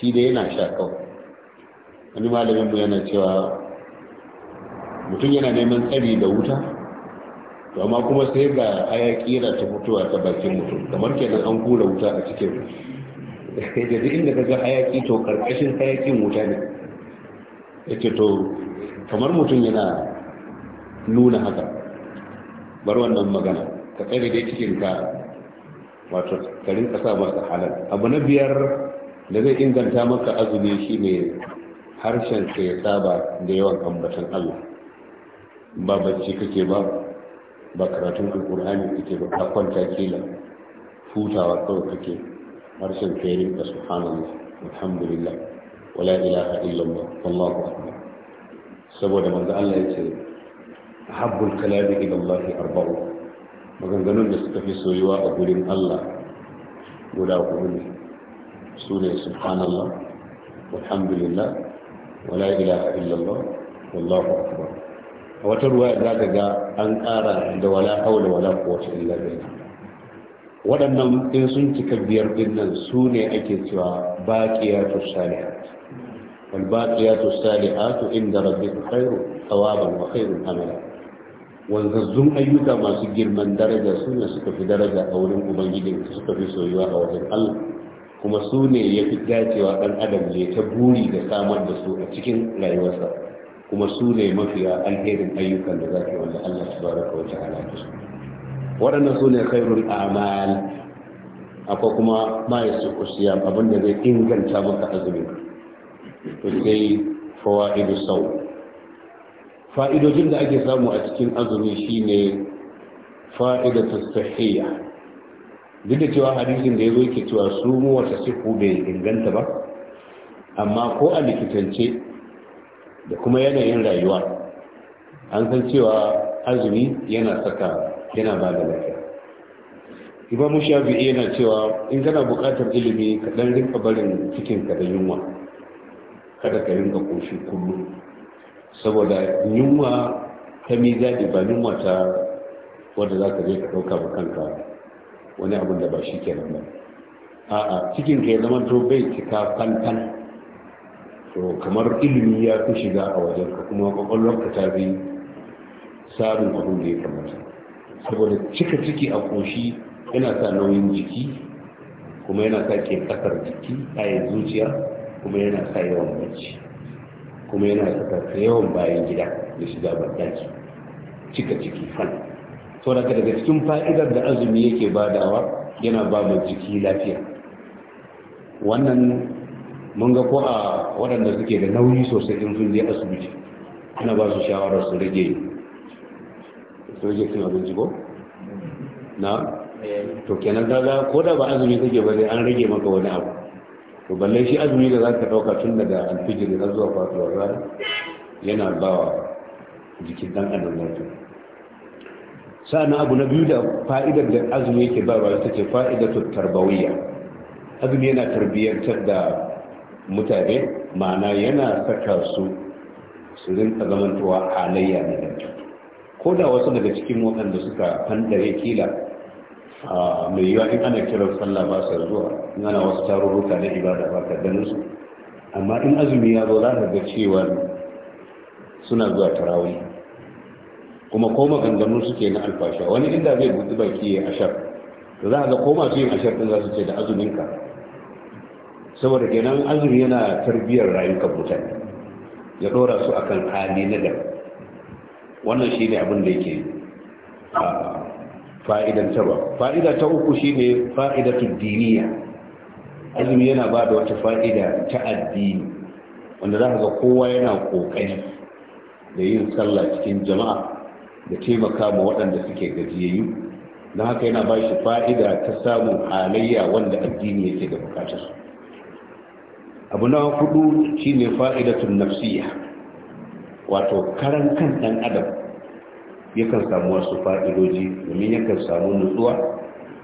S1: shi dai yana sha wani malamin mu yana cewa mutum yana neman tsari da wuta to amma kuma sai ga kira ta mutuwa ta bakin mutum kamar kenan an kula wuta a cikin eh, da duk inda kaga hayaki to karkashin hayakin wuta ne yake to kamar mutum yana nuna haka bar wannan magana ka tsare dai cikin ka wato ka rinka sa masa halal abu na biyar da zai inganta maka azumi shi ne harshen ka ya saba da yawan ambatan Allah ba bacci kake ba ba karatun alkur'ani kake ba ka kwanta kila hutawa kawai kake harshen ferin ka subhanallah alhamdulillah wala ilaha illallah wallahu akbar saboda manzo Allah ya ce habbul kalami ila Allah arba'u maganganun da suka fi soyuwa a gurin Allah guda huɗu ne su ne subhanallah walhamdulillah wala ilaha illallah wallahu akbar a wata ruwa za ka ga an ƙara da wala hau da wala quwwata illa billah waɗannan in sun cika biyar din nan su ne ake cewa baqiyatu salihat wal baqiyatu salihatu inda rabbika khairu thawaban wa khairun amala wanzazzun ayyuka masu girman daraja su ne suka fi daraja a wurin ubangijin suka fi soyuwa a wajen Allah kuma su ne ya fi dacewa ɗan adam ne ta buri da samar da su a cikin rayuwarsa kuma su ne mafiya alherin ayyukan da za zaki wanda Allah tabaraka wa ta'ala halatta su. waɗannan su ne khairul a'mal akwai kuma ma yasuku siyam abinda zai inganta maka azumi to sai fawaidu sau fa'idojin da ake samu a cikin azumi shine ta sahiya duk da cewa hadisin da ya zo yake cewa su mu wata siku bai inganta ba amma ko a likitance da kuma yanayin rayuwa an san cewa azumi yana saka yana ba da lafiya sha shafi'i yana cewa in kana buƙatar ilimi ka dan rinka barin cikin ka da yunwa kada ka rinka koshi kullum saboda yunwa ta mizani ba yunwa ta wanda za ka je ka ɗauka ba kanka wani abin da ba shi kenan ba a'a cikin ka ya zama to bai cika fantan to kamar ilimi ya fi shiga a wajen ka kuma kwakwalwarka ta bi samun abin da ya kamata saboda cika ciki a koshi yana sa nauyin jiki kuma yana sa ke kasar jiki kayan zuciya kuma yana sa yawan bacci kuma yana sa yawan bayan gida da shiga bandaki cika ciki to daga daga cikin fa'idar da azumi yake badawa yana ba jiki lafiya wannan mun ga ko a waɗanda suke da nauyi sosai in sun je asibiti ana ba su shawarar su rage su rage cin abinci ko na to kenan kaga ko da ba azumi take ba dai an rage maka wani abu to balle shi azumi da zaka dauka tun daga alfijir har zuwa fatuwar rana yana ba wa jikin dan adam lafiya sa'annan abu na biyu da fa'idar da azumi yake ba ba ita ce fa'idatu tarbawiyya azumi yana tarbiyyantar da mutane ma'ana yana saka su su rinka zamantowa halayya na dangi ko da wasu daga cikin waɗanda suka fandare kila mai yiwa in ana kiran sallah ba su zuwa in ana wasu tarurruka na ibada ba ka ganin su amma in azumi ya zo za ka ga cewa suna zuwa tarawih kuma ko maganganu suke na alfasha wani inda zai buɗi baki ya ashar za a ga koma su yin ashar ɗin za su ce da azuminka saboda kenan azumi yana tarbiyyar rayukan mutane ya dora su akan hali na da wannan shi ne abin da yake fa'idan ta fa'ida ta uku shi ne fa'idatun diniya azumi yana ba da wata fa'ida ta addini wanda za ka ga kowa yana ƙoƙari da yin sallah cikin jama'a da taimaka ma waɗanda suke gajiyayyu don haka yana ba shi fa'ida ta samun halayya wanda addini yake da bukatar abu na hudu shine fa'idatun nafsiya wato karan kan ɗan adam yakan samu wasu fa'idoji domin yakan samu nutsuwa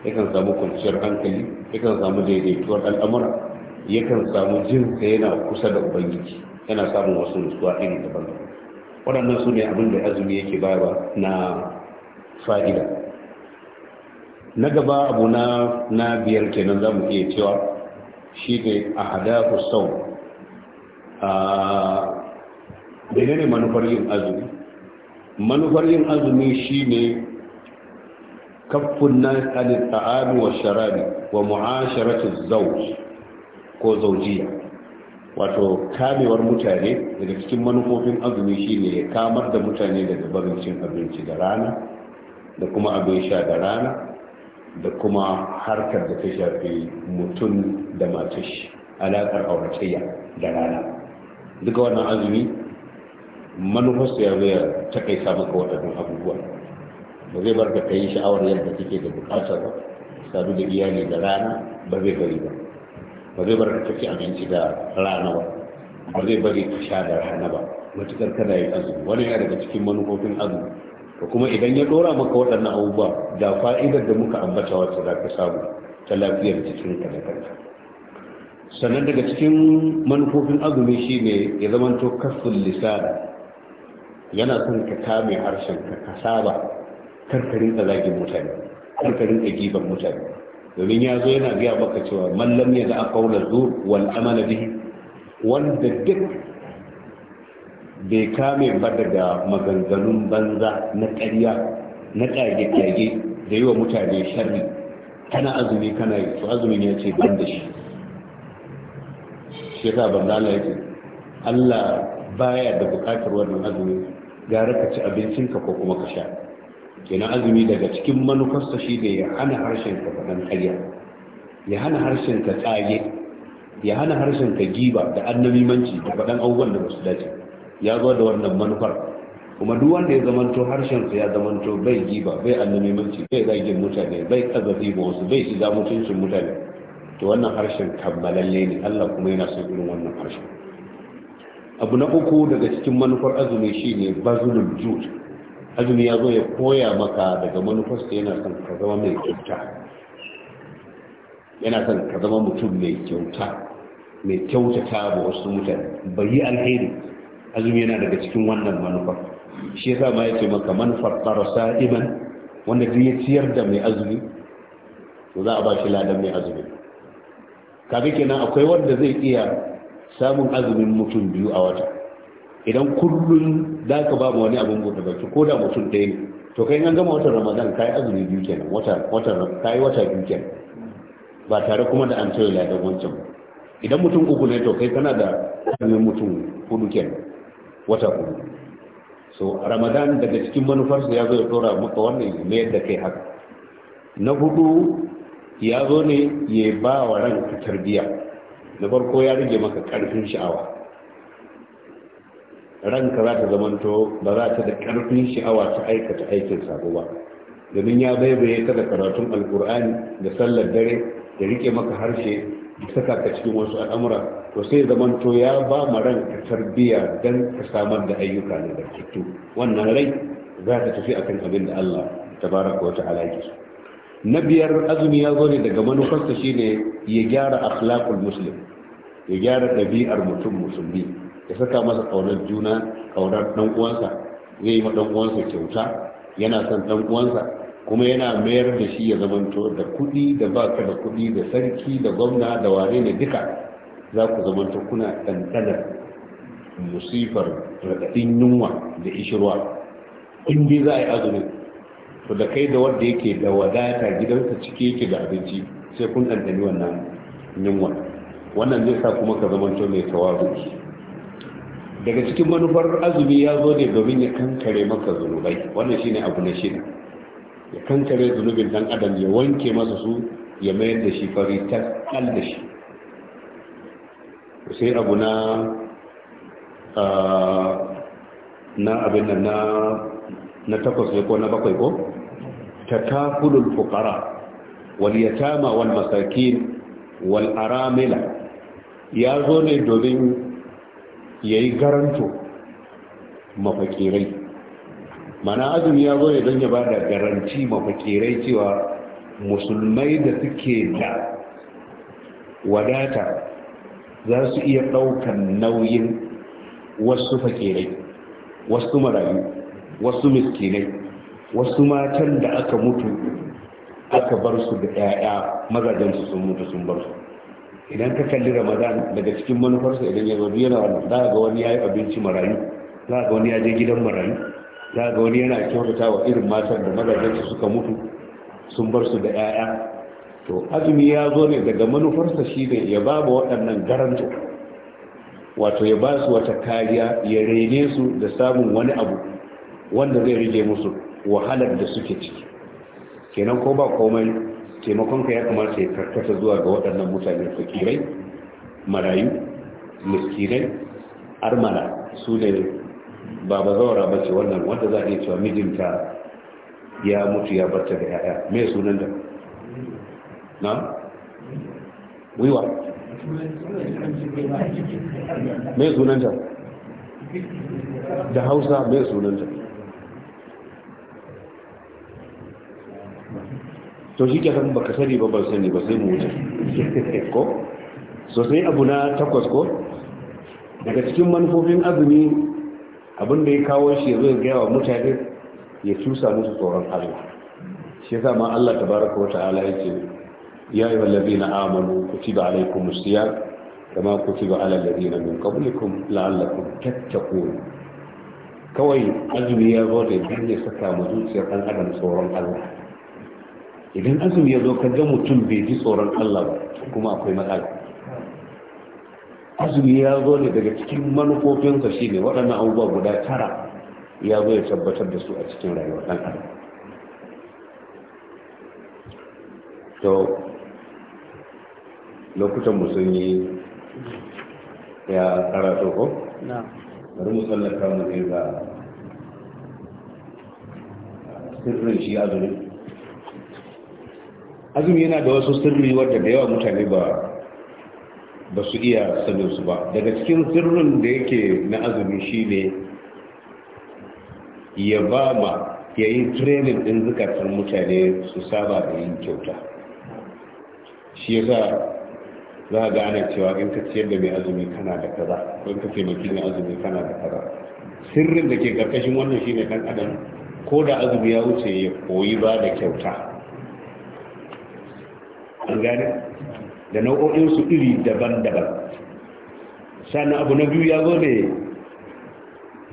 S1: yakan samu kwanciyar hankali yakan samu daidaituwar al'amura yakan samu jin yana kusa da ubangiji yana samun wasu nutsuwa iri daban waɗannan su ne abin da azumi yake bayarwa na fa'ida na gaba abu na biyar kenan za mu iya cewa shi ne a hadafu sau da ne manufar yin azumi manufar yin azumi shi ne kafin na tsanin ta'adu wa sharari wa mu'asharatun zauj ko zaujiya wato kamewar mutane daga cikin manufofin azumi shi ne kamar da mutane daga barin cin abinci da rana da kuma abin sha da rana da kuma harkar da ta shafi mutum da matashi alaƙar auratayya da rana duka wannan azumi manufarsu ya zai kai samun waɗannan abubuwa ba zai barka ka yi sha'awar yadda kake da bukatar ba sadu da iyali da rana ba zai bari ba ba zai barka ka ci abinci da rana ba ba zai bari ka sha da rana ba matuƙar kana yin azumi wani yana daga cikin manufofin azumi kuma idan ya dora maka waɗannan abubuwa da fa'idar da muka ambata wacce za ka samu ta lafiyar ka da kanka sannan daga cikin manufofin azumi shi ne ya zamanto kafin lisan yana son ka kame harshen ka saba karkarin da zagin mutane karkarin da giban mutane domin ya zo yana biya maka cewa mallam ya za a kaula zur wal amala bihi wanda duk bai kame ba daga maganganun banza na ƙarya na ƙage-ƙage da yi wa mutane sharri kana azumi kana yi to azumin ya ce ban da shi shi yasa ban zala ce Allah baya da bukatar wannan azumi gara ka ci abincinka ko kuma ka sha kenan azumi daga cikin manufarsa shi ne ya hana harshen ka faɗan ƙarya ya hana harshen ka tsage ya hana harshen ka giba da annabimanci da faɗan abubuwan da ba su dace ya zo da wannan manufar kuma duk wanda ya zamanto harshensa ya zamanto bai giba bai annamimanci bai zagin mutane bai kazafi ba wasu bai shiga mutuncin mutane to wannan harshen kammalalle ne Allah kuma yana son irin wannan harshen abu na uku daga cikin manufar azumi shine bazulul jud azumi ya zo ya koya maka daga manufarsa yana son ka zama mai kyauta yana son ka zama mutum mai kyauta mai kyautata ba wasu mutane bai yi alheri azumi yana daga cikin wannan manufar shi yasa ma yake maka manufar tsara sa'iman wanda duk ya ciyar da mai azumi to za a ba shi ladan mai azumi kaga kenan akwai wanda zai iya samun azumin mutum biyu a wata idan kullum da ka ba mu wani abin bude baki ko da mutum ɗaya ne to kai an gama watan ramadan ka yi azumi biyu kenan wata wata kai wata biyu kenan ba tare kuma da an tsaye ladan wancan idan mutum uku ne to kai kana da azumin mutum hudu kenan wata hudu so ramadan daga cikin manufarsa ya zo ya tora maka wannan ne da kai haka na hudu ya zo ne ya ba wa ran tarbiya na farko ya rage maka karfin sha'awa ranka za ta zamanto ba za ta da karfin sha'awa ta aikata aikin sabo ba domin ya bai ka da karatun alkur'ani da sallar dare da rike maka harshe da saka ka cikin wasu al'amura to sai zaman to ya ba ma ran tarbiya don ka samar da ayyuka na da kitu wannan rai za ta tafi akan abin da Allah tabaraka wa ta'ala yake so na biyar azumi ya zo ne daga manufarsa shine ya gyara akhlaqul muslim ya gyara dabi'ar mutum musulmi ya saka masa ƙaunar juna kaunar ɗan uwansa zai yi ma ɗan uwansa kyauta yana son ɗan uwansa kuma yana mayar da shi ya zamanto da kuɗi da baka da kuɗi da sarki da gwamna da wane ne duka za ku zamanta kuna ɗanɗanar musifar raɗaɗin yunwa da ishirwa in dai za a yi azumin to da kai da wanda yake da wadata gidansa cike yake da abinci sai kun ɗanɗani wannan yunwa wannan zai sa kuma ka zamanta mai tawazu daga cikin manufar azumi ya zo ne domin ya kankare maka zunubai wannan shine abu na shida ya kankare zunubin dan adam ya wanke masa su ya mayar da shi fari ta da shi sai abu na na abin da na takwas ne ko na bakwai ko tatakudul fuqara wal yatama wal masakin wal aramila ya zo ne domin yayi garanto mafakirai mana azumi ya zo ne don ya ba da garanti mafakirai cewa musulmai da suke da wadata za su iya ɗaukar nauyin wasu fakirai wasu marayu wasu miskinai wasu matan da aka mutu aka bar su da 'ya'ya su sun mutu sun bar su idan ka kalli ramadan daga cikin manufarsa idan ya zobe yana wani za ga wani ya yi abinci marayu za ga wani ya je gidan marayu za ga wani yana kyautata wa irin matan da su suka mutu sun bar su da 'ya'ya to azumi ya zo ne daga manufarsa shi ne ya ba ba waɗannan garanto wato ya ba su wata kariya ya rene su da samun wani abu wanda zai rige musu wahalar da suke ciki kenan ko ba komai taimakonka ya kamata ya karkata zuwa ga waɗannan mutane fakirai marayu miskinai armala su ne ba ba zaura ba ce wannan wanda za a iya cewa mijinta ya mutu ya barta da 'ya'ya mai sunan da na wiwa mai sunanta da hausa mai sunanta to shi kenan baka sani ba sani ba sai mu wuce ko so sai abu na takwas ko daga cikin manufofin azumi abinda ya kawo shi zai gaya wa mutane ya cusa musu tsoron Allah shi yasa ma Allah tabaraka wa ta'ala ce يا أيها الذين آمنوا كتب عليكم الصيام كما كتب على الذين من قبلكم لعلكم تتقون kawai azumi ya zo da idan ya saka ma zuciyar ɗan tsoron Allah idan azumi ya zo kan ga mutum bai ji tsoron Allah ba kuma akwai matsala azumi ya zo daga cikin manufofinsa shi ne waɗannan abubuwa guda tara ya zo ya tabbatar da su a cikin rayuwar ɗan lokutan mu yi ya karatu ko bari mu tsallaka mu ga sirrin shi azumi azumi yana da wasu sirri wadda da yawa mutane ba ba su iya saninsu ba daga cikin sirrin da yake na azumi shi ne ya ba ma ya yi trenin ɗin zikatar mutane su saba da yin kyauta shi sa. za a gane cewa in ka ciyar da mai azumi kana da kaza ko in ka ce mai azumi kana da kaza sirrin da ke karkashin wannan shine dan adam ko da azumi ya wuce ya koyi ba da kyauta an gane da nau'o'in su iri daban-daban sannan abu na biyu ya zo ne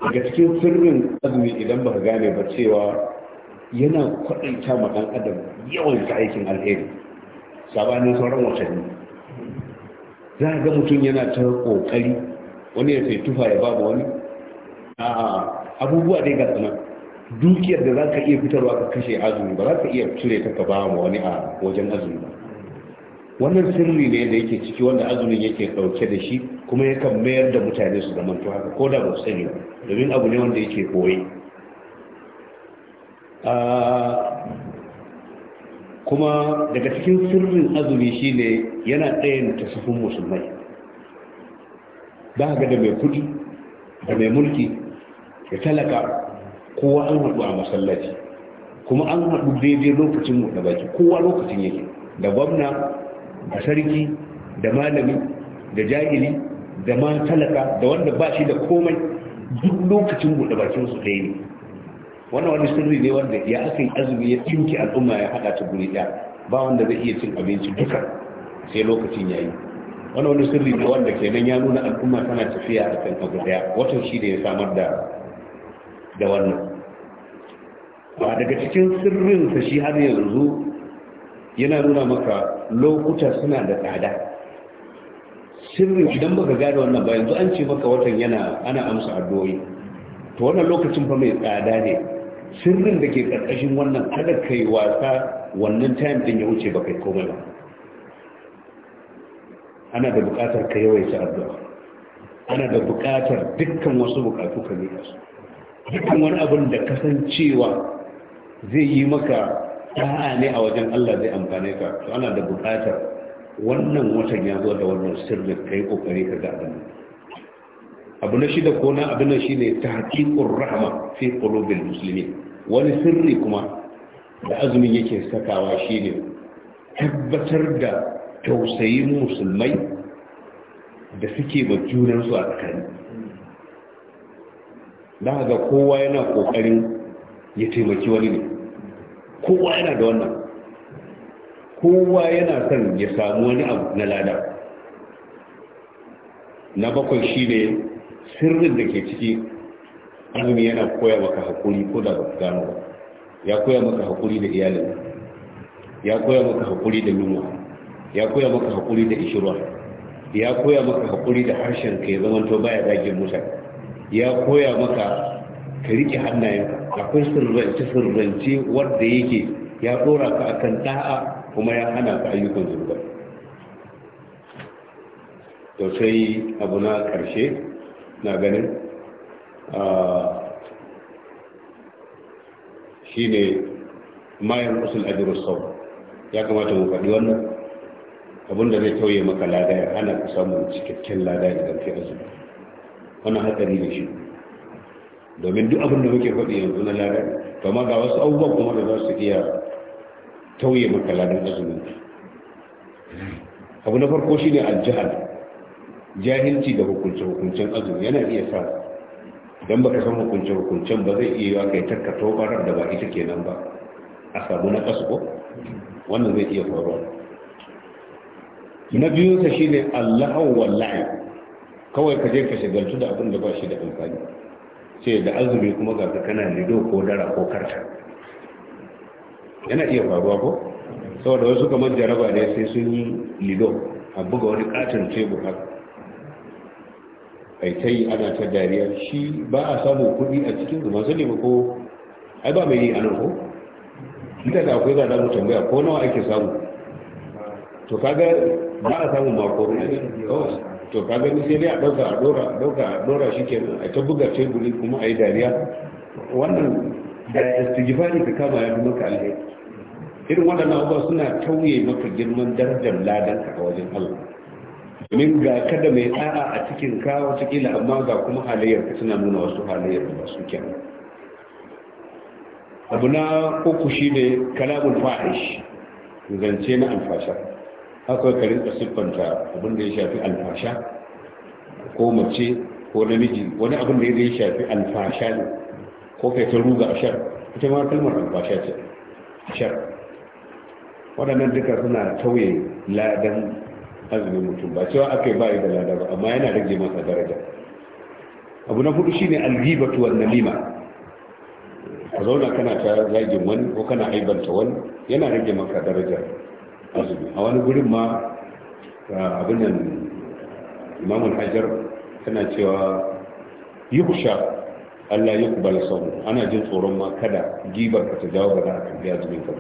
S1: daga cikin sirrin azumi idan ba ka gane ba cewa yana kwaɗanta ma ɗan adam yawan aikin alheri sabanin sauran watanni za ga mutum yana ta kokari wani ya sai tufa ya babu wani abubuwa dai ga tsanan dukiyar da za ka iya fitarwa ka kashe azumi ba za ka iya cire ta ka ba wa wani a wajen azumi ba wannan sirri ne da yake ciki wanda azumin yake ɗauke da shi kuma yakan mayar da mutane su zaman to haka ko da ba sani ba domin abu ne wanda yake koyi kuma daga cikin sirrin azumi shine yana ɗayan tasufin musulmai ba ga da mai kudi da mai mulki da talaka kowa an haɗu a masallaci kuma an haɗu daidai lokacin mu da baki kowa lokacin yake da gwamna da sarki da malami da jahili da ma talaka da wanda ba shi da komai duk lokacin buɗe bakin su ɗaya ne wannan wani sirri ne wanda ya aka yi azumi ya tsinki al'umma ya haɗa ta guri ɗaya ba wanda zai iya cin abinci duka sai lokacin ya yi wani wani sirri ne wanda kenan ya nuna al'umma tana tafiya a kan abu ɗaya watan shi da ya samar da da wannan ba daga cikin sirrinsa shi har yanzu yana nuna maka lokuta suna da tsada sirrin idan baka gane wannan ba yanzu an ce maka watan yana ana amsa addu'o'i to wannan lokacin fa mai tsada ne sirrin da ke ƙarƙashin wannan kada yi wasa wannan time din ya wuce ba kai komai ba ana da buƙatar ka yawaita addu'a ana da buƙatar dukkan wasu buƙatu ka yi su dukkan wani abin da kasancewa zai yi maka ta'a ne a wajen Allah zai amfane ka to ana da buƙatar wannan watan ya zo da wannan sirrin kai kokari ka ga abin abu na shida ko na abu na shi ne ta haƙiƙun rahama fi ƙulubin musulmi wani sirri kuma da azumin yake sakawa shi ne tabbatar da tausayin musulmai da suke ba junansu a tsakani da ga kowa yana ƙoƙarin ya taimaki wani ne kowa yana da wannan kowa yana son ya samu wani abu na lada na bakwai shi ne sirrin da ke ciki azumi yana koya maka haƙuri ko da baka gano ba ya koya maka haƙuri da iyalin ya koya maka haƙuri da yunwa ya koya maka haƙuri da ishirwa ya koya maka haƙuri da harshen ka ya zamanto baya dagin musa ya koya maka ka riƙe hannayen akwai sirrance sirrance wanda yake ya ɗora ka akan da'a kuma ya hana ka ayyukan zuba, to sai abu na ƙarshe na ganin shi ne mayan usul ajiyar sau ya kamata mu faɗi wannan abinda zai tauye maka lada ya hana ka samun cikakken lada idan kai azumi wannan hatsari da shi domin duk abin da muke faɗi yanzu na lada kama ga wasu abubuwa kuma da za su iya tauye maka ladan azumin abu na farko shi ne aljihar jahilci da hukunce-hukuncen azumi yana iya sa don baka san hukunce-hukuncen ba zai iya kai takka tobarar da ba ita kenan ba a samu na kasu wannan zai iya faruwa na ta shi ne allahau wallahi kawai ka je ka shigaltu da abin da ba shi da amfani sai da azumi kuma ga ka kana lido ko dara ko karta yana iya faruwa ko saboda wasu kamar jaraba ne sai sun yi lido a buga wani katin tebur haka ai ta yi ana ta dariya shi ba a samu kuɗi a cikin zuma zane ba ko ai ba mai yi a nan ko ita da akwai zada mu tambaya ko nawa ake samu to kaga ba a samu mako to kaga ni sai dai a ɗauka a ɗora a ɗauka a shi ke a ta buga teburi kuma a yi dariya wannan da istijibari ka kama ya fi maka irin waɗannan abubuwa suna tauye maka girman darajar ladanka a wajen allah min ga kada mai da'a a cikin kawo cikin amma ga kuma halayyar ka suna nuna wasu halayyar ba su kyan abu na uku shi ne kalamun fahish zance na alfasha haka karin rinka siffanta abin da ya shafi alfasha ko mace ko namiji wani abin da ya shafi alfasha ne ko kai ta ruga a shar ita ma kalmar alfasha ce shar waɗannan duka suna tauye ladan azumin mutum ba cewa aka yi yi da lada ba amma yana rage masa daraja abu na hudu shine alhibatu, wa nalima ka zauna kana ta zagin wani ko kana aibanta wani yana rage maka daraja azumi a wani gurin ma abin nan imamul hajar tana cewa yi yukusha Allah ya kubala sahu ana jin tsoron ma kada gibar ka ta jawo ba za a biya azumin ka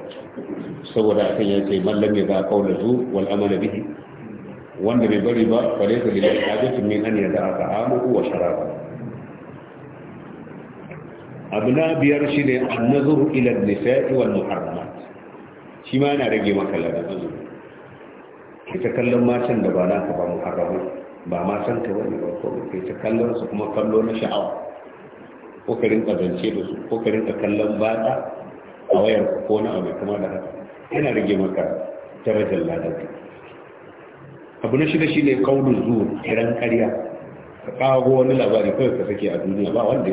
S1: saboda akan ya ce mallam ya za kaula zu wal amala bihi wanda bai bari ba falaisa lillahi hajatun min an yada'a ta'amuhu wa sharaba abna na biyar shi ne annazur ilar nisa'i wal muharramat shi ma yana rage maka ladabi kai ta kallon matan da ba ka ba muharramu ba san ka wani ba ko kai ta kallon su kuma kallo na sha'awa ko ka rinka zance da su ko ka rinka kallon bada, a wayar ko na abu kuma da haka yana rage maka darajar ladabi abu na shi ne kaulu zuwa kiran ƙarya ka kawo wani labari kawai ka sake a duniya ba wanda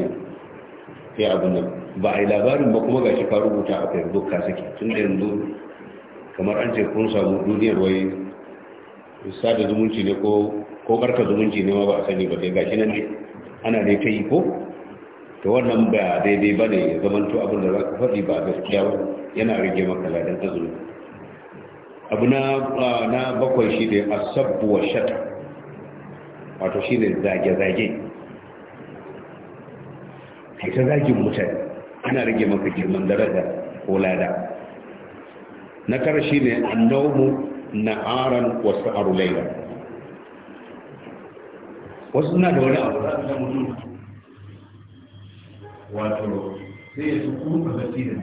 S1: ya abu nan ba a yi labarin ba kuma ga shi ka rubuta a kai ka sake tun da yanzu kamar an ce kun samu duniyar wai sada zumunci ne ko ko karka zumunci ne ma ba a sani ba sai gashi nan ne ana ne ta yi ko to wannan ba daidai ba ne ya zamanto abin da za ka faɗi ba gaskiya ba yana rage maka ladan azumi abu na bakwai shi ne a sabuwa shata wato shi ne zage-zage kai ta zagin mutane ana rage maka girman daraja ko lada na tara shi ne na na'aran wasu arulaila wasu na da wani abu wato sai su kuma basi da